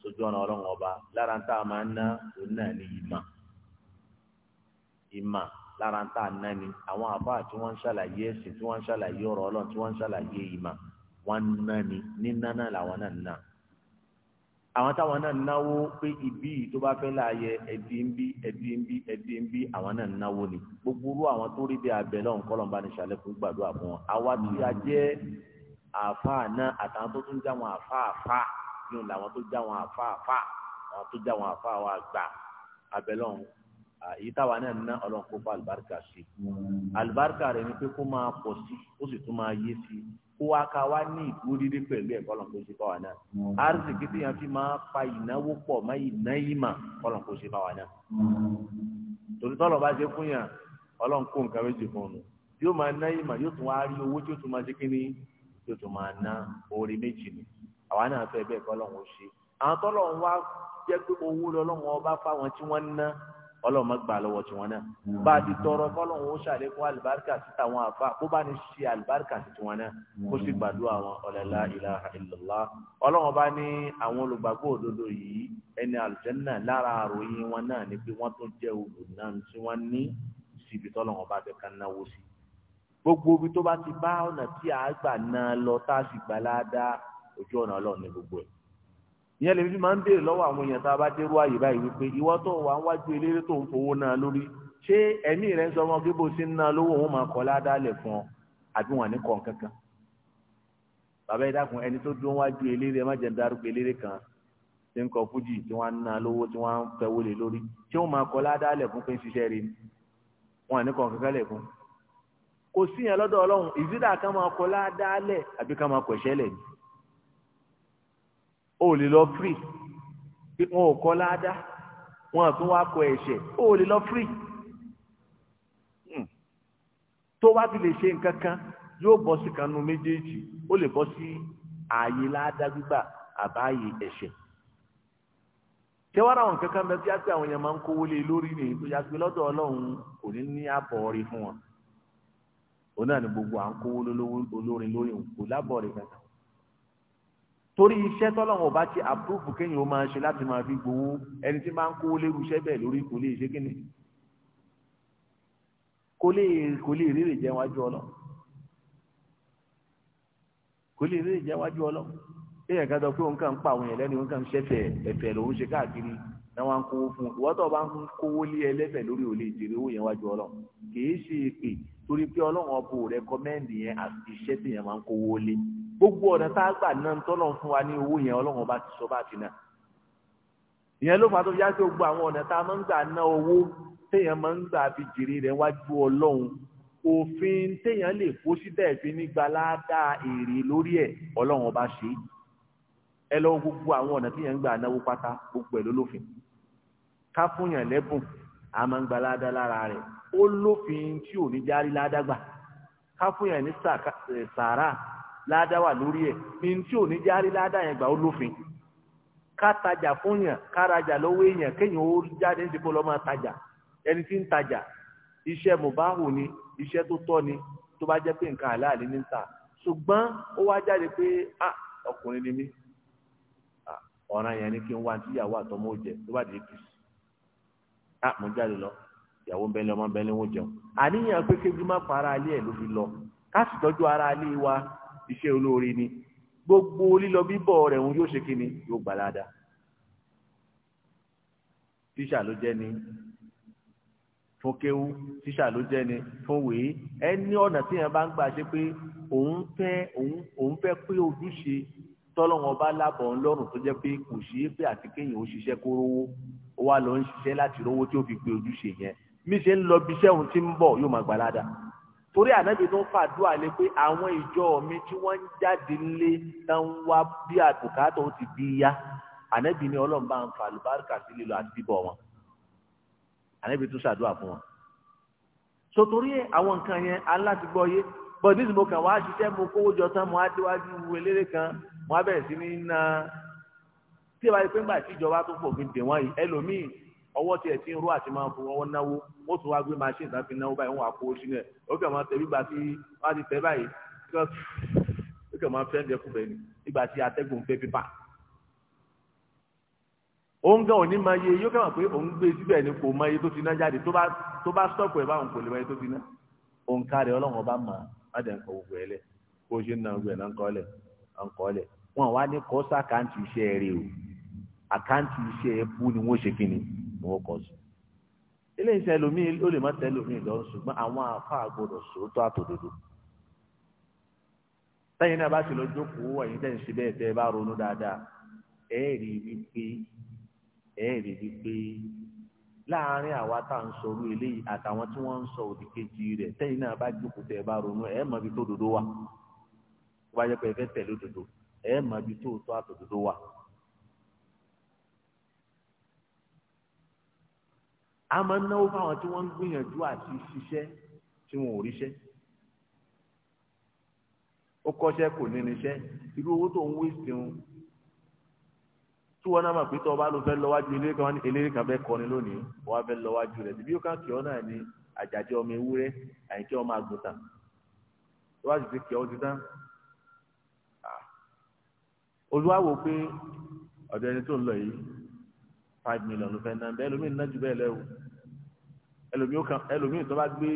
sójú ọ̀nà ọlọ́run ọba lára ń tà máa ń ná òun náà ní ìmọ̀ ìmọ̀ lára ń tà náà ní àwọn àbá tí wọ́n ń ṣàlàyé ẹ̀sìn tí wọ́n ń ṣàlàyé ọ̀rọ̀ ọlọ́run tí wọ́n ń ṣàlàyé ìmọ̀ wọ́n ná ni níná náà làwọn náà ná àwọn táwọn náà náwó pé ibi tó bá fẹ́ láàyè ẹbí ń bí ẹbí ń bí ẹbí ń bí àwọn náà náwó ni gbogbo irú àwọn tó rí bí abẹ lọ́hùn kọ́lọ́n bá ní ṣàlékún gbàdúrà fún wọn àwa tí a hmm. jẹ́ àáfàá náà àtàwọn tó tún já wọn àáfàáfà yóò làwọn tó já wọn àáfàáfà àwọn tó já wọn àáfàá wa gbà abẹ lọ́hùn èyí táwa náà ná ọlọ́run kó fa àlùbáríkà sí hmm. àlùbáríkà rẹ̀ ni pé kó máa pọ̀ sí ó sì tún máa yé sí i wa ká wa ní ìkúrírí pẹ̀lú ẹ̀ kọ́lọ̀ kó ṣe bá wa náà arzikí mm. tí yẹn fi máa pa ìnáwó pọ̀ má ìnáyí mà kọ́lọ̀ kó ṣe bá wa náà mm. torí tọ́lọ̀ bá ṣe fún yàn ọlọ́run kó nǹkan méjì fún un yóò máa náyí mà yóò tún wá rí owó tí yóò tún máa ṣe kíní yóò tún máa ná orí méjì ni àwa náà fẹ́ bẹ́ẹ̀ kọ́lọ̀ kó ṣe àwọn tọ́lọ̀ wa jẹ́ pé owó lọ́lọ́run ọba fáwọn tí wọ́n ná ọlọ́run máa gbà lọ́wọ́ tiwọn náà bá a ti tọrọ kọ́lọ́run ó ṣàlékún àlùbáríkà sí tàwọn àfa kó bá ní ṣe àlùbáríkà sí tiwọn náà kó sì gbàdúrà wọn ọ̀lẹ́lá ilaha illallah ọlọ́run bá ní àwọn olùgbàgbọ́ òdodo yìí ẹni àlùjànnà lára àròyìn wọn náà ni pé wọ́n tó jẹ́ olùdáná tí wọ́n ní síbi tọ́lọ́run bá fẹ́ ká náwó sí gbogbo ibi tó bá ti bá ọ̀nà tí àgbà náà lọ tá a sì gbà ládàá ojú ọ̀nà ọlọ́run ní gbogbo ẹ̀ ìyẹn lè fi máa ń béèrè lọ́wọ́ àwọn èèyàn tá a bá dérú àyè báyìí wípé ìwọ tó wà ń wájú eléré tó ń fowó náà lórí ṣé ẹ̀mí rẹ̀ ń sọ wọn bí bó ṣe ń ná lówó òun máa kọ́ ládàálẹ̀ fún ọ àbí wọn ní kàn kankan. bàbá yìí dákun ẹni tó dún wájú eléré má jẹ́ ń darúgbó eléré kan tí ń kọ fújì tí wọ́n ń ná lówó tí wọ́n ń fẹ́wó lé lórí ṣé wọ́n máa kọ́ ládàálẹ̀ fún pé ń ṣiṣẹ́ rí ni wọn ní kàn kankan lẹ̀ fún o lè lọ free wọn ò kọ́ láadá wọn ò tún wá kọ o lè lọ free hmm. tó bá ti lè ṣe nǹkan kan yóò bọ́ sí kanú méjèèjì ó lè bọ́ sí ààyè láadá gbígbà àbáyé ẹ̀ṣẹ̀ tẹwàrà àwọn kankan bẹ bí a àwọn yẹn máa ń kówó lé lórí ni tó yàtọ̀ lọ́dọ̀ ọlọ́run kò ní ní àbọ̀ rí fún wọn òun náà ni gbogbo à ń kówó lólórin lórí kò lábọ̀ rí kankan torí iṣẹ́ tọ́lọ́wọ̀n bá ti àpúrúfù kéèyàn ó máa ṣe láti máa fi gbowó ẹni tí máa ń kówó lérú iṣẹ́ bẹ́ẹ̀ lórí kò lè ṣe kíni kò lè kò lè rírè jẹ́ wájú ọlọ́ kò lè rírè jẹ́ wájú ọlọ́ kéèyàn kan sọ pé òun kàn ń pa àwọn yẹn lẹ́nu òun kàn ń ṣẹ̀fẹ̀ ẹ̀fẹ̀ lòun ṣe káàkiri náà wọ́n á kówó fún un ìwọ́tọ̀ bá ń kówó lé ẹlẹ́fẹ̀ lórí òun lè jèrè owó yẹn wájú torí pé ọlọ́run ọbọ rẹ kọ́mẹ́ǹdì yẹn àti iṣẹ́ tí yẹn máa ń kówó lé gbogbo ọ̀nà tá a gbà náà ń tọ́lọ̀ fún wa ní owó yẹn ọlọ́run ọba ti sọ bá ti náà ìyẹn ló fà tó fi yá sí gbogbo àwọn ọ̀nà tá a máa ń gbà ná owó téèyàn máa ń gbà fi jèrè rẹ̀ wájú ọlọ́run òfin téèyàn lè kó síbẹ̀ fi ní gbalada èrè lórí ẹ̀ ọlọ́run ọba ṣe ẹ lọ gbogbo àwọn ọ̀nà téèyàn gbà náwó pátá gbogbo ẹ̀ lólófin ká fúnyàn lẹ́bùn a ń gbalada lára rẹ̀ ó lófin tí ò ní járí ládàgbà ká fún yẹn ní sàárà ládàwà lórí ẹ̀ ní tí ò ní járí ládà yẹn gbà ó lófin ká tajà fún yẹn ká rajà lọ́wọ́ èèyàn kéèyàn ó jáde ní ìdìbò lọ́mọ tajà ẹni tí ń tajà iṣẹ́ mùbáhù ni iṣẹ́ tó tọ́ ni tó bá jẹ́ pé nǹkan àláàlí ní ta ṣùgbọ́n ó wá jáde pé ah ọkùnrin ni mí ọ̀ràn yẹn ni kí n wá tíyàwó àtọmọ́ jẹ tó bá dé apc ah mo jáde lọ ìyàwó ń bẹ́lẹ̀ ọmọ bẹ́lẹ̀ wọn jẹun àníyàn pé kébí má pa ara alẹ́ ẹ̀ ló fi lọ ká tọ́jú ara alẹ́ wa iṣẹ́ olóore ni gbogbo lílọ bíbọ̀ rẹ̀ òun yóò ṣe kí ni yóò gbà dáadáa tíṣà ló jẹ́ ni fún kéwú tíṣà ló jẹ́ ni fún wèé ẹni ọ̀nà tí yẹn bá ń gbà ṣe pé òun fẹ́ òun fẹ́ pé ojúṣe tọ́lọ́wọ́n bá lábọ̀ ńlọ́rùn tó jẹ́ pé kò ṣeé pé àti kéèyàn ó ṣiṣẹ́ kó rówó ó wá lọ ń ṣiṣẹ́ láti rówó tí ó fi pé ojúṣe yẹn mi ṣe ń lọ bí iṣẹ́ òun ti ń bọ̀ yóò máa gbalada torí ànábì tó ń fàdúrà lé pé àwọn ìjọ mi tí wọ́n ń jáde lé tán wá bí àbùkátà ó ti bí yá ànábì ni ọlọ́run bá ń fa àlùbáríkà sí lílọ àti bíbọ̀ wọn ànábì tó ṣàdúrà fún wọn. so torí àwọn nǹkan yẹn aláàtìgbọ́ bọ́ ní ìsìnkú kan wá ṣiṣẹ́ mo kówó jọ tán mo á déwájú eléré kan mo á bẹ̀rẹ̀ sí ní na tí ìbáyé pé ńgbà tí ìjọba tó fòfin dè wọ́n yìí ẹlòmíì ọwọ́ tiẹ̀ tí ń rú àti máa ń fún ọwọ́ náwó ó tún wá gbé machine tàbí náwó báyìí wọn wà kó sínú ẹ̀ ó kàn máa tẹ̀lé ìgbà tí wọ́n á ti tẹ̀ báyìí ó kàn máa fẹ́ ẹ̀kú bẹ́ẹ̀ ni ìgbà tí atẹ́gùn fẹ́ pípa. òun gan òní máa yẹ yóò kàn pé òun gbé e síbẹ̀ ni kò mọ iye tó ti ná jáde tó bá tó bá stọ́ọ̀pù kò lè mọ iye tó ti ná. òun kárẹ̀ ọlọ́run ọba ni wọ́n ṣe ni wọ́n kọ́ eléyìí sẹ ẹlòmíì ó lè má tẹ ẹlòmíì lọ ṣùgbọ́n àwọn afa àgbọ́dọ̀ sòótọ́ àtòdodo sẹ́yìn náà bá ti lọ jókòó ẹ̀yin ẹ bá ronú dáadáa ẹ rí i wípé ẹ rí i wípé láàárín àwa tá à ń sọrú eléyìí àtàwọn tí wọ́n ń sọ òdì kejì ronú ẹ mọ ibi tó dodo wa wọ́n yẹ pé ẹ fẹ́ ẹ a máa ń náwó fáwọn tí wọ́n ń gbìyànjú àti ṣiṣẹ́ tí wọn ò ríṣẹ́ ó kọ́ṣẹ́ kò ní níṣẹ́ irú owó tó ń wéṣì ń tí wọ́n náà mà pé tó o bá lọ fẹ́ lọ́wájú eléré kan eléré kan fẹ́ kọrin lónìí wọ́n á fẹ́ lọ́wájú rẹ̀ síbi ó kàn kí ọ náà ní àjàjẹ́ ọmọ ewúrẹ́ àyíkẹ́ ọmọ àgùntàn tó bá sì ti kí ọ ti tán olúwa wò pé ọ̀dọ̀ ẹni tó ń lọ yìí five million ló fẹ́ ná bẹ́ẹ̀ ẹlòmíì ná jù bẹ́ẹ̀ lẹ́wọ̀ o tó bá gbé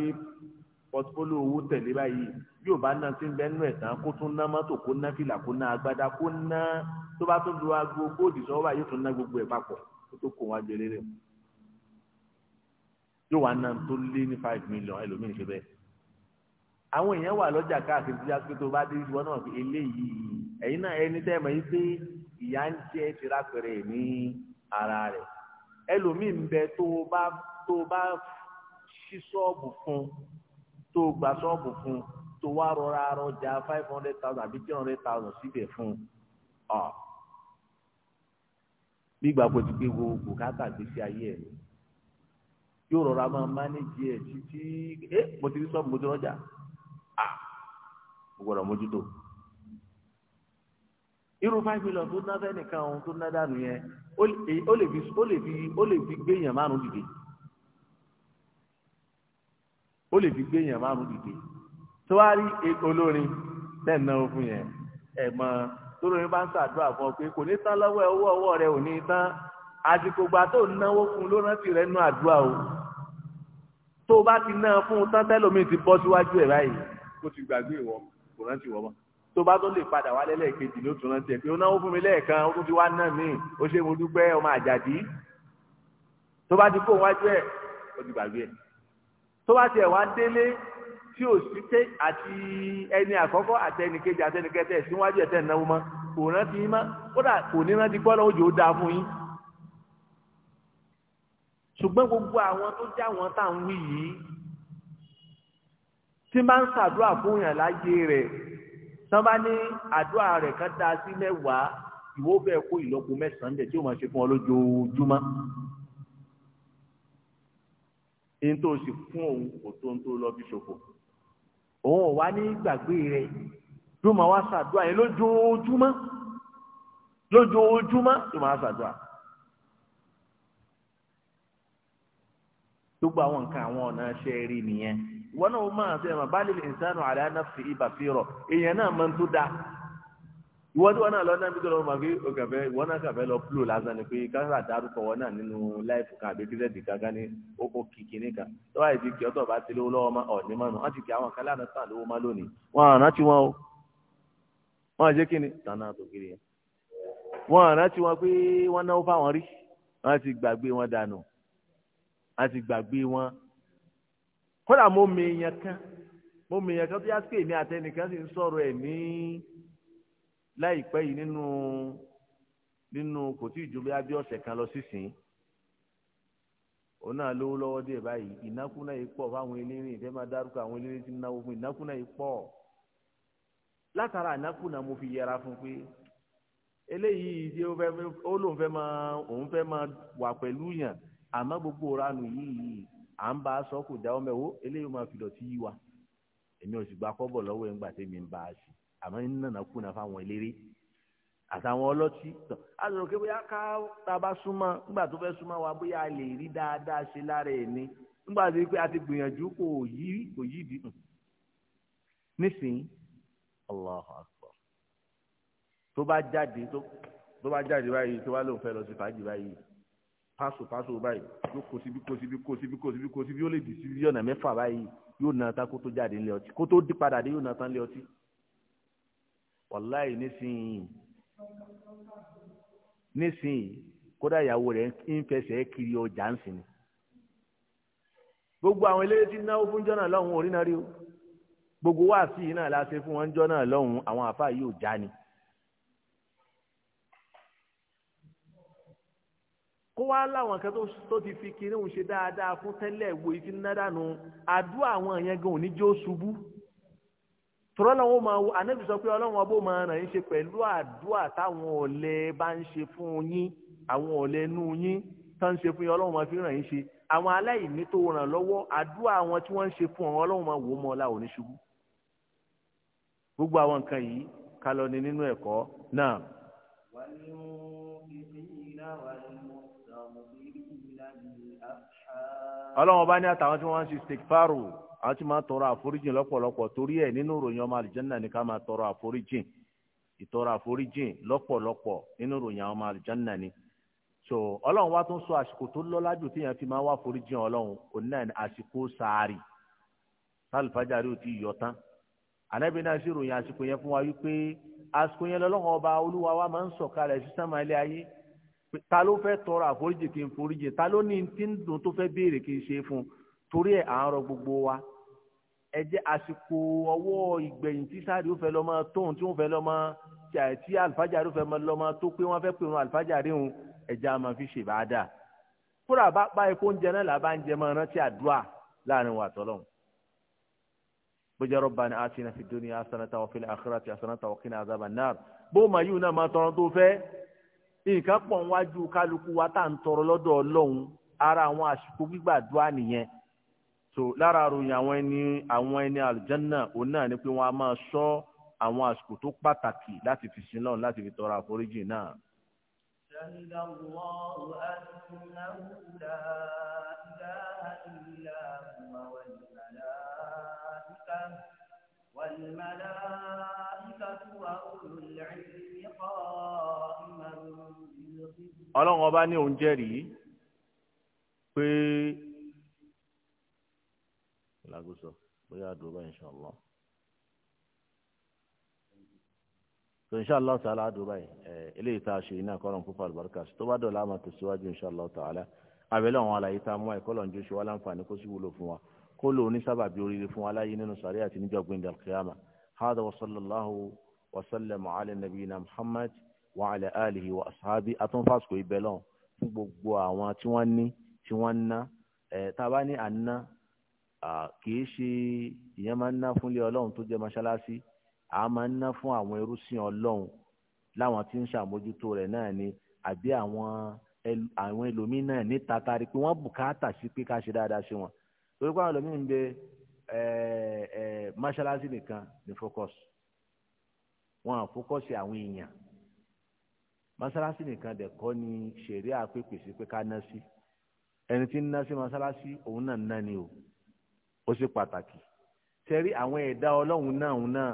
pọtifólíò owó tẹ̀lé báyìí yóò bá ná tí ń bẹ́ẹ̀ nú ẹ̀ tán kó tún ná mọ́tò kó ná fìlà kó ná agbádá kó ná tó bá tún lo aago góòdì sọ́wọ́ báyìí tún ná gbogbo ẹ̀ papọ̀ kó tó kó wọn jẹlé rẹ̀ yóò wá ná tó lé ní five million ẹlòmíì ṣe bẹ́ẹ̀ àwọn èèyàn wà lọ́jà káàkiri tí yàtọ̀ tó bá dé ìwọ náà eléyìí ẹ̀yin náà ẹni tẹ́ mọ̀ yín pé ìyá ń jẹ́ tìrápẹ̀rẹ̀ ní ara rẹ̀ ẹlòmíì ń bẹ tó o bá tó o bá ṣí fún tó o gbà tó wá rọra rọjà five hundred thousand àbí three hundred thousand síbẹ̀ fún ọ gbígbà ti pé wo bùkátà gbèsè ayé ẹ̀ yóò rọra máa mánéjì ẹ̀ títí mo ti rí mo ti rọjà mo irú five million tó ná fẹ́nìkan ohun tó ná dànù yẹn ó lè fi ó lè fi ó lè fi gbé èèyàn márùn dìde ó lè fi gbé èèyàn márùn dìde tó wá rí olórin bẹ́ẹ̀ náà fún yẹn ẹ̀ mọ́ tólórin bá ń ṣàdúrà fún ọ pé kò ní tán lọ́wọ́ ẹ owó ọwọ́ rẹ ò ní tán àsìkò gbà tó náwó fún ló rántí rẹ nú àdúrà o tó o bá ti ná fún un tán tẹ́lómi ti bọ́ síwájú ẹ̀ báyìí kó ti gbàgbé ìwọ kò rántí ìwọ mọ́ tó bá tó lè padà wá lẹ́lẹ́kejì ló tún rántí ẹ̀ pé ó náwó fún mi lẹ́ẹ̀kan ó tún fi wá náà mí ó ṣe mo dúpẹ́ ọmọ àjàdí tó bá ti kó wájú ẹ̀ ó ti gbàgbé ẹ̀ tó bá tiẹ̀ wá délé tí ò sí tẹ́ àti ẹni àkọ́kọ́ àti ẹni kejì àti ẹni kẹtẹ ẹ̀ síwájú ẹ̀ tẹ́ ẹ̀ náwó mọ́ kò rántí yín mọ́ kódà kò ní rántí kọ́lọ́ òjò ó dáa fún yín ṣùgbọ́n gbogbo àwọn tó já wọn tá à ń wí yìí tí máa ń ṣàdúrà fún yàn láyé rẹ̀ tán bá ní àdúrà rẹ̀ kan dá sí mẹ́wàá ìwọ bẹ́ẹ̀ kó ìlọ́po mẹ́sàn-án dẹ̀ tí ó máa ṣe fún ọ lójoojúmọ́ èyí tó sì fún òun kò tó ń tó lọ bí ṣòfò òun ò wá ní gbàgbé rẹ̀ yóò máa wá ṣàdúrà yẹn lójoojúmọ́ lójoojúmọ́ yóò máa ṣàdúrà. gbogbo àwọn nǹkan àwọn ọ̀nà ṣe rí nìyẹn ìwọ náà máa ṣe ẹ̀mà báàlì ìsánù àlẹ́ anáfi ibà fi rọ̀ èèyàn náà máa ń tó dáa ìwọ tí wọn náà lọ náà bí tó lọ máa fi òkàfẹ́ ìwọ náà kàfẹ́ lọ púlò lásán ni pé káńsà dárúkọ wọn náà nínú láìfù kan àbí kírẹ́dì kankan ní oko kìkì nìkan tọ́wá ìdí kí ọtọ̀ bá ti lówó lọ́wọ́ má ọ̀ ní mánu wọ́n ti kí àwọn kan lánàá sàn lówó má lónìí wọn àná tí wọn o wọn àná ti wọn kódà mo mọ èèyàn kan mo mọ èèyàn kan tó yá sí èmi àtẹnìkan sì ń sọ̀rọ̀ ẹ̀ ní láìpẹ́ yìí nínú nínú kò tí ì ju bí abẹ́ ọ̀sẹ̀ kan lọ sísìn òun náà lówó lọ́wọ́ dé báyìí ìnákúná yìí pọ̀ fáwọn elérìn ìfẹ́ máa dárúkọ àwọn elérìn tí náwó fún ìnákúná yìí pọ̀ látara ìnákúná mo fi yẹra fún pé eléyìí tí ó fẹ́ ó lóun fẹ́ máa òun fẹ́ máa wà pẹ̀lú yàn àmọ́ gbogbo ranù yìí à ń bá a sọ kò jáwọ́ mẹ́wọ́ eléyìí máa fi dọ̀tí yí wa èmi ò sì gba kọ́bọ̀ lọ́wọ́ ẹ̀ ń gbà tẹ́mi ń bá a sí àmọ́ ní nànà kùnà fáwọn eléré àtàwọn ọlọ́tí tán a sọ̀rọ̀ pé bóyá ká tá a bá súnmọ́ nígbà tó fẹ́ súnmọ́ wa bóyá a lè rí dáadáa ṣe lára ẹ̀ ni nígbà tó yẹ pé a ti gbìyànjú kò yí kò yí di hàn nísìnyí Allahu Akbar tó bá jáde tó bá jáde báyìí tó bá lóun fẹ́ lọ sí fàájì báyìí pásò pásò báyìí yóò kó síbi kó síbi kó síbi kó síbi yóò lè dì síbi ọ̀nà mẹ́fà báyìí yóò na tán kó tó jáde ńlẹ̀ ọtí kó tó dí padà dé yóò na tán ńlẹ̀ ọtí wàláì nísìnyí nísìnyí kódà ìyàwó rẹ̀ ń fẹsẹ̀ kiri ọjà ń sìn gbogbo àwọn eléré tí náwó fún jọ́nà lọ́hùn orí náà rí o gbogbo wáàsí yìí náà la ṣe fún wọn jọ́nà lọ́hùn àwọn àfáà yìí ò já ni. kó wá láwọn kan tó ti fi kiri òun ṣe dáadáa fún tẹ́lẹ̀ wo ifi ńlá dànù àdúrà àwọn èèyàn gan òní jó ṣubú tọ́lá làwọn máa wo ànábì sọ pé ọlọ́run ọbọ̀ máa ràn yín ṣe pẹ̀lú àdúrà táwọn ọ̀lẹ́ bá ń ṣe fún yín àwọn ọ̀lẹ́ nú yín tó ń ṣe fún yín ọlọ́run máa fi ràn yín ṣe àwọn aláìní tó ràn lọ́wọ́ àdúrà àwọn tí wọ́n ń ṣe fún ọ̀hún ọlọ́run máa wò mọ́ ọ̀la òní ṣubú gbogbo àwọn nǹkan yìí ká lọ nínú ẹ̀kọ́ náà. wàá ní ọlọ́run bá ní àtàwọn tí wọ́n ń ṣe stikfaru àwọn tí máa ń tọrọ àforíjìn lọ́pọ̀lọpọ̀ torí ẹ̀ nínú ìròyìn ọmọ àlùjànnà ni ká máa tọrọ àforíjìn ìtọrọ àforíjìn lọ́pọ̀lọpọ̀ nínú ìròyìn ọmọ àlùjànnà ni so ọlọ́run wá tún sọ àsìkò tó lọ́lá jù téèyàn fi máa wá àforíjìn ọlọ́run òun náà ni àsìkò sáárì sálùfájàrí ò tí ì yọ tán ànábì náà sì ròyìn àsìkò ta ló fẹ́ tọrọ àforíjì kí n foríjì ta ló ní tí ń dùn tó fẹ́ béèrè kí n ṣe fún torí ẹ̀ à ń rọ gbogbo wa ẹ jẹ́ àsìkò ọwọ́ ìgbẹ̀yìn tí sáré ó fẹ́ lọ mọ tóun tí wọ́n fẹ́ lọ mọ tí àlùfájàrí ó fẹ́ lọ mọ tó pé wọ́n fẹ́ pè wọn àlùfájàrí òun ẹ̀jẹ̀ a máa fi ṣèbáadà kódà bá báyìí kó ń jẹ náà làbá ń jẹ mọ́ rántí àdúrà láàrin wa tọ́lọ́hún bójú rabbana nǹkan pọ̀ ń kálukú wa tá à ń tọrọ lọ́dọ̀ ọlọ́run ara àwọn àsìkò gbígbàdúrà nìyẹn so lára àròyìn àwọn ẹni àwọn ẹni àlùjànnà òun náà ni pé wọ́n á máa sọ àwọn àsìkò tó pàtàkì láti fi sin lọ́run láti fi tọrọ àforíjì náà. الله أنه لا إله إلا هو والملائكة والملائكة وأولو العلم قائما ọlọ́run ọba ní òun jẹ́rìí pé làgùsọ bóyá àdúró bá inshallah so inshallah ta'ala àdúró báyìí ẹ eléyìí tá a ṣe iná kọ́lọ́n púpọ̀ àlùbáríkà sí tó bá dọ̀la àmọ́ tẹ̀síwájú inshallah ta'ala àbẹ̀lẹ̀ àwọn àlàyé tá a mú ẹ̀kọ́ lọ́njú ṣe wá láǹfààní kó sì wúlò fún wa kó lò ní sábàbí oríire fún wa láyé nínú sàrí àti níjọ́ gbẹ̀ndẹ̀ al-qiyama hada wa sallallahu wa sallama ala nabiyina muhammad wa ala alihi wa ashabi atúnfàsùkò ibelon lọ́hùn fún gbogbo àwọn tí wọ́n ní tí wọ́n ná ẹ̀ tá a bá ní àná kì í ṣe ìyẹn máa ń ná fúnlé ọlọ́run tó jẹ́ mọ́ṣáláṣí a máa ń ná fún àwọn ẹrúsìn ọlọ́run láwọn tí ń ṣàmójútó rẹ̀ ni àbí àwọn àwọn ẹlòmíín náà ní tatari pé wọ́n bùkátà sí pé ká ṣe dáadáa sí wọn torí pé àwọn ẹlòmíín ń bẹ mọ́ṣáláṣí nìkan ní focus wọn à focus àwọn èèyàn Masalasi nìkan dẹ̀ kọ́ ni ṣẹ̀ríà pèpè sí pé ká ná sí ẹni tí ń ná sí mọ́sálásí òun náà ń ná ni o ó ṣe pàtàkì ṣẹ́rí àwọn ẹ̀dá ọlọ́run náà òun náà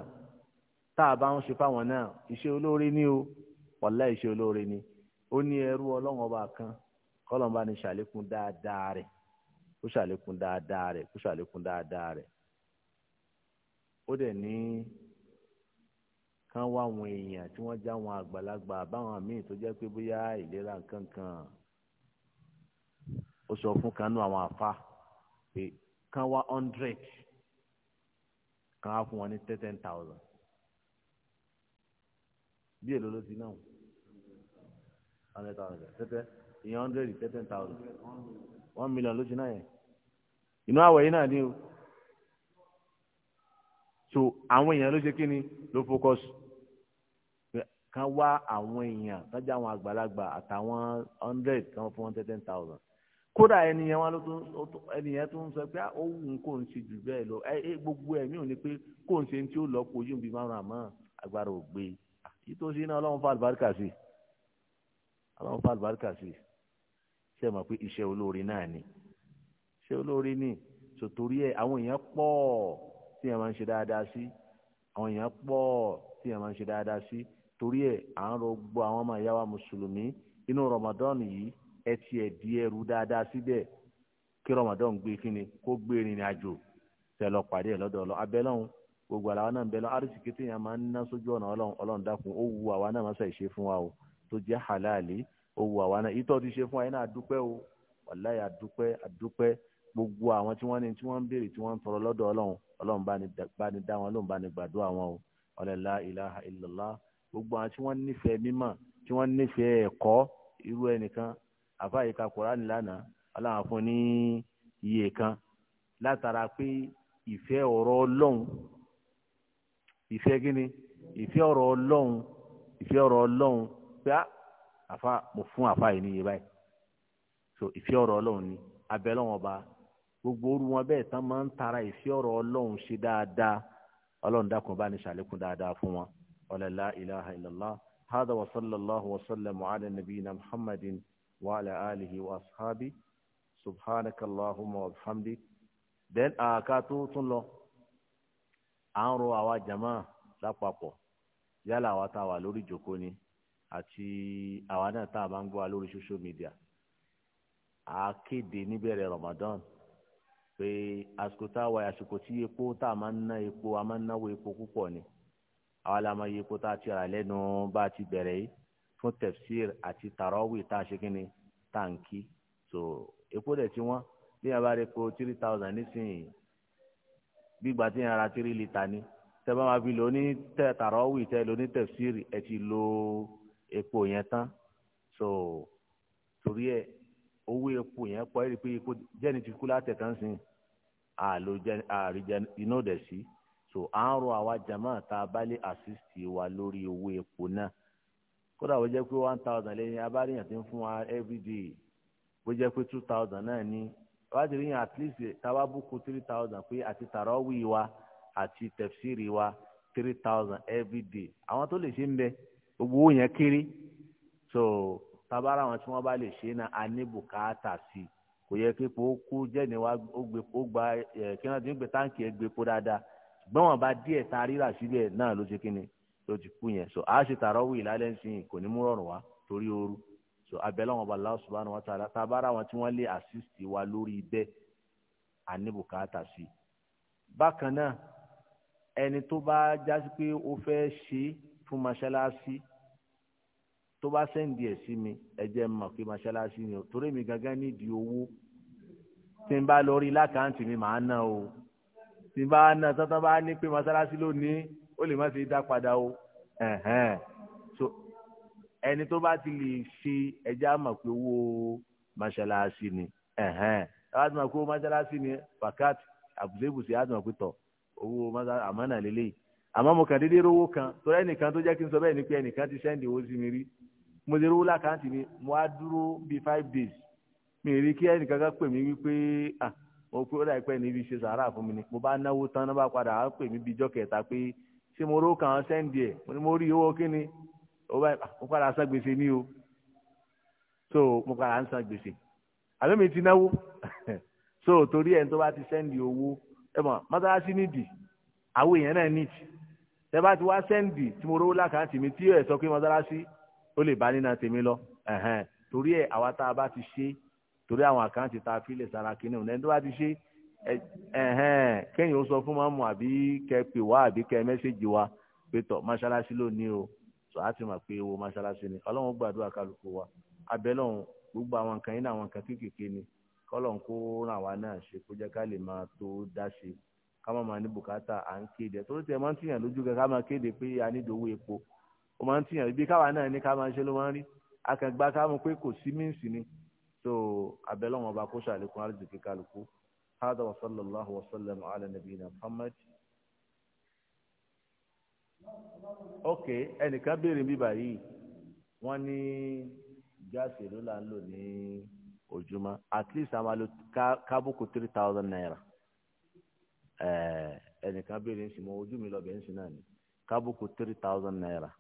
tá a bá ń ṣe fáwọn náà iṣẹ́ olóore ni o wàlá iṣẹ́ olóore ni ó ní ẹrú ọlọ́run ọba kan kọ́lọ́mbà ni ṣàlékún dáadáa rẹ̀ kó ṣàlékún dáadáa rẹ̀ kó ṣàlékún dáadáa rẹ̀ ó dẹ̀ ní kán wá àwọn èèyàn tí wọ́n já àwọn àgbàlagbà báwọn míì tó jẹ́ pé bóyá ìlera kankan ó sọ fún kanú àwọn àfa pé kán wá hundred kán á fún wọn ní ten thousand bí èlò ló ti náà hundred thousand tẹ́tẹ́ ìyẹn hundred ten thousand one million ló ti náà yẹn inú àwẹ̀ yìí náà ni o so àwọn èèyàn ló ṣe kí ni ló focus kan wá àwọn èèyàn kan jẹ́ àwọn àgbàlagbà àtàwọn hundred kan fún one hundred ten thousand kódà ẹnìyẹn wọn ló tún ẹnìyẹn tún sọ pé ah, ó wù kó n ṣe jù bẹ́ẹ̀ lọ ẹ gbogbo ẹ̀mí ò ní pé kó n ṣe ní tí ó lọ kojú bíi márùn àmọ́ agbára ò gbé yìí ah, tó ṣe náà ọlọ́run fa àlùbáríkà sí ọlọ́run fa àlùbáríkà sí ṣe mọ̀ pé iṣẹ́ olóore náà ni iṣẹ́ olóore ni sòtórí ẹ̀ àwọn èèyàn pọ̀ ọ́ tí yẹn máa ń ṣe dáadáa sí àwọn èèyàn pọ̀ tí yẹn máa ń ṣe dáadáa sí torí ẹ̀ à ń rọ gbọ́ àwọn ọmọ ìyá wa mùsùlùmí inú rọmọdọ́ọ̀nù yìí ẹ ti ẹ̀ di ẹrù dáadáa síbẹ̀ kí rọmọdọ́ọ̀nù gbé kíni kó gbé ìrìn àjò tẹ pàdé ẹ̀ lọ́dọ̀ ọlọ́ abẹ́lọ́hún gbogbo àlàwọn náà ń bẹ lọ àrísìkí tí yẹn máa ń ná sójú ọ̀nà ọlọ́run dákun ó wu àwa náà mọ́sá ìṣe fún wa o tó jẹ́ halali ó wu àwa náà ìtọ́ ti ṣe fún wa yẹn náà àdúpẹ́ o wàláyà àdúpẹ́ àdúpẹ́ gbogbo àwọn tí wọ́n ní tí wọ́n ń béèrè tí wọ́n ń tọrọ lọ́dọ̀ ọlọ́run ọlọ́run bá ní dá wọn ọlọ́run bá ní gbàdúrà wọn o ọlọ́lá ilaha illallah gbogbo àwọn tí wọ́n nífẹ̀ẹ́ mímọ̀ tí wọ́n nífẹ̀ẹ́ ẹ̀kọ́ irú ẹnìkan àfáàyè ka kuraani lánàá ọlọ́run fún ní iye kan látara pé ìfẹ́ ọ̀rọ̀ ọlọ́run ìfẹ́ gíní ìfẹ́ ọ̀rọ̀ ọlọ́run ìfẹ́ ọ̀rọ̀ ọlọ́run pé ah, àfa mo fún àfáàyè níye báyìí so ìfẹ́ ọ̀rọ̀ ọlọ́run ni abẹ́ lọ́wọ́ ọba gbogbo orú wọn bẹ́ẹ̀ tán máa ń tara ìfẹ́ ọ̀rọ̀ ọlọ́run ṣe dáadáa ọlọ́run dákun bá ní ṣàlékún dáadáa fún wọn ọ̀lẹ́lá ilaha illallah hada wa sallallahu wa sallam ala nabiyina muhammadin wa ala alihi wa ashabi subhanaka allahumma wa bihamdik then àká tó tún lọ à ń àwa jama lápapọ̀ yálà àwa tá a wà lórí ìjókòó ni àti àwa náà tá a máa ń gbọ́ wa lórí social media àkéde níbẹ̀rẹ̀ ramadan pé àsìkò tá a wà àsìkò tí epo tá a máa ń ná epo a máa ń náwó epo púpọ̀ ni àwa la máa yẹ epo tá a ti rà lẹ́nu bá a ti bẹ̀rẹ̀ yìí fún tẹ̀fsíìr àti tàràwì tá a ṣe kí ni tàǹkì so epo dẹ̀ tí wọ́n bí a bá rẹ po three thousand nísìnyí gbígbà tí yẹn ara three ni tẹ máa fi lò ní tàràwì tẹ lò ní tẹ̀fsíìr ẹ ti lo epo yẹn tán so torí ẹ owó epo yẹn pọ̀ ẹ́ rí i pé epo jẹ́ni ti kú látẹ̀ kan sìn àríjẹ iná dẹ̀ sí so à ń rọ àwa jama tá a bá wa lórí owó epo náà kódà bó jẹ́ pé one thousand lẹ́yìn abáríyàn ti ń fún wa everyday bó jẹ́ pé two thousand náà ní wájú rí yàn at least táwa búkú three thousand pé àti tàràwí wa àti tẹ̀fsíìrì wa three thousand everyday àwọn tó lè ṣe ń bẹ gbogbo owó yẹn kéré so tabara àwọn tí wọ́n bá lè ṣe náà a ní bùkátà sí i kò yẹ kí epo kú jẹ́ni wa ó gba kí wọ́n ti ń gbé táǹkì ẹ̀ gbé epo dáadáa ṣùgbọ́n wọn díẹ̀ ta rírà síbẹ̀ náà ló ṣe kí ni ló ti kú yẹn so àá ṣe tààrọ́ wì lálẹ́ ńsìn kò ní mú rọrùn wá torí ooru so abẹ́lẹ́ wọn bá Allah subhanahu wa ta'ala tá a wọn tí wọ́n lè assist wa lórí bẹ́ẹ̀ àníbùkátà sí i bákan náà ẹni tó bá jásí pé ó fẹ́ ṣe fún mọ́ṣáláṣí tó bá sẹ́ǹdì ẹ̀ sí mi ẹ jẹ́ mọ̀ pé mọ́ṣáláṣí ni o torí mi gangan nídìí owó tí n bá lọ rí lákàntì mi màá ná o tí n bá ná tọ́tọ́ bá ní pé mọ́ṣáláṣí ló ní ó lè má fi dá padà o ẹni tó bá ti lè ṣe ẹja mọ̀ pé owó mọ́ṣáláṣí ni láti mọ̀ pé owó mọ́ṣáláṣí ni pàkàtì àbùsẹ̀bùsẹ̀ láti mọ̀ pé tọ̀ owó mọ́ṣáláṣí àmọ́ nà lélẹ́yìí àmọ́ mo kàn déédéé rówó kan torí ẹnìkan tó jẹ́ kí n sọ bẹ́ẹ̀ ni pé ẹnìkan ti sẹ́ǹdì owó sí mi rí mo lè rówó lákàntì mi mo á dúró bíi five days mi rí kí ẹnìkan kan pè mí wípé ah mo pé ó dà pé níbi ṣe sàárà fún mi ni mo bá náwó tán náà bá padà á pè mí bíi ijọ́ kẹta pé ṣé mo ró kàn án sẹ́ǹdì ẹ̀ mo ní mo rí owó kí ni mo padà san gbèsè ní o so mo padà ń san gbèsè àbí mi ti náwó so torí ẹni tó bá ti sẹ́ǹdì owó ẹ mọ̀ mọ́tàlásí nídìí àwọn èèyàn náà nídìí tẹ bá ti wá sẹ́ǹdì tí mo rówó lákàntì mi tí ẹ̀ sọ pé mọ́tàlásí ó lè bá nínà tèmi lọ torí ẹ àwa tá a bá ti ṣe torí àwọn àkáǹtì tá a fi lè sara kínní òun ẹni tó bá ó sọ fún mọ́mú àbí kẹ wá àbí kẹ mẹ́sẹ̀gì wa pé tọ̀ mọ́ṣáláṣí lónìí o sọ á ti mọ̀ pé owó mọ́ṣáláṣí ni ọlọ́run gbàdúrà kálukú wa abẹ́lọ́run gbogbo àwọn nǹkan yín ní àwọn nǹkan kéékèèké ni kọ́lọ́n kó ràn wá náà ṣe kó jẹ́ ká lè máa tó dá ṣe ká má máa ní bùkátà à ń kéde torí tẹ̀ máa ń tìyàn lójú kẹ ká máa kéde pé a nídòó epo ó máa ń tìyàn ibi káwa náà ní ká máa ṣe ló máa ń rí akẹgbà ká mú pé kò sí míǹsì ni tó abẹ́lẹ́wọ̀n ọba kó ṣàlékún àrídìkì kálukú hádà wa sallallahu wa sallam ala nabiyina muhammad. ok ẹnìkan béèrè mi báyìí wọ́n ní gáàsì èlò là ń lò ní ojúmọ́ at least a máa kábùkù three thousand naira ẹnìkan béèrè ń sìn mọ́ ojú mi lọ́bẹ̀ ń sìn náà ní kábùkù three thousand naira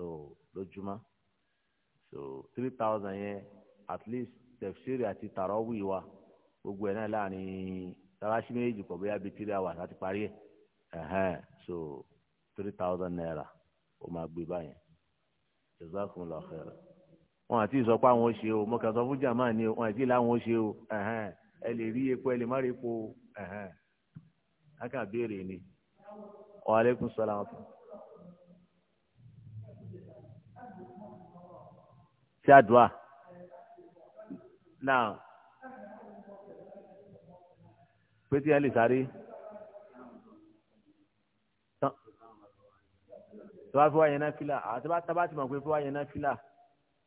so lójúmọ́ so three thousand yẹn at least tẹfsiri àti tàràwì wa gbogbo ẹ̀ náà láàrin tàràṣí méjì pọ̀ bóyá bíi three hours àti parí ẹ̀ so three thousand naira ó máa gbé báyẹn jazakumullahu khairan wọn àti ìsọpá àwọn ó ṣe o mo kàn sọ fún jàmá ni o wọn àti ìlànà ó ṣe o ẹ lè rí epo ẹ lè má rí epo o aka béèrè ni wa alaikum salaam. sí àdúrà náà pété yẹn lè sáré tán tó bá fi wá yẹn náà fílà àti bá ti mọ̀ pé fi wá yẹn náà fílà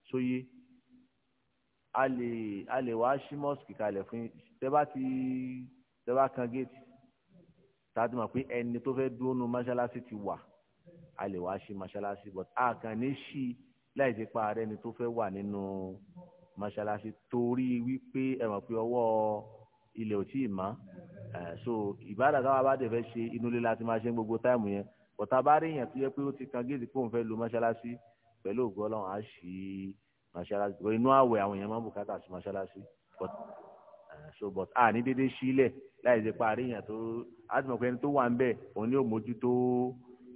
sóye a lè a lè wá sí mọ́sùkì kalẹ̀ fún yín tẹ́ bá ti tẹ́ bá kan géètì tá a ti mọ̀ pé ẹni tó fẹ́ dúró nu mọ́ṣáláṣí ti wà a lè wá sí mọ́ṣáláṣí but a kàn ní sí i láì ṣe pa ààrẹ ni tó fẹ́ wà nínú mọ́ṣáláṣí torí wípé ẹ mọ̀ pé ọwọ́ ilẹ̀ ò tíì mọ́ so ìbára táwa bá dẹ̀ fẹ́ ṣe inú ilé láti máa ṣe gbogbo táìmù yẹn bọ̀tà bá rí èèyàn tó yẹ pé ó ti kan géètì kóun fẹ́ lo mọ́ṣáláṣí pẹ̀lú ògo Ọlọ́run á ṣí mọ́ṣáláṣí inú àwẹ̀ àwọn èèyàn máa ń bùkátà sí mọ́ṣáláṣí so but a ní dédé sílẹ̀ láì ṣe pa àríyàn tó á ti mọ̀ pé ẹni tó wà ń bẹ̀ òun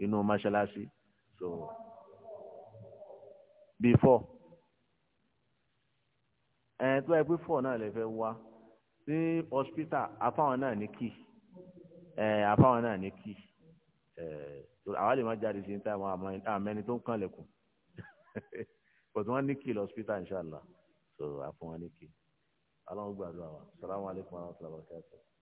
ni so. Before, four ẹ̀ tó ẹ pé four náà lè fẹ́ wá sí hospital afáwọn náà ní kí ẹ̀ afáwọn náà ní kí ẹ̀ àwa lè má jáde sí ní táwọn àmẹ́ni tó ń kàn lẹ́kùn but wọ́n ní kí lọ hospital inshallah so àfọwọ́n ní kí aláwọ̀ gbàdúrà wa salamu alaykum wa rahmatulahi wa barakatuh.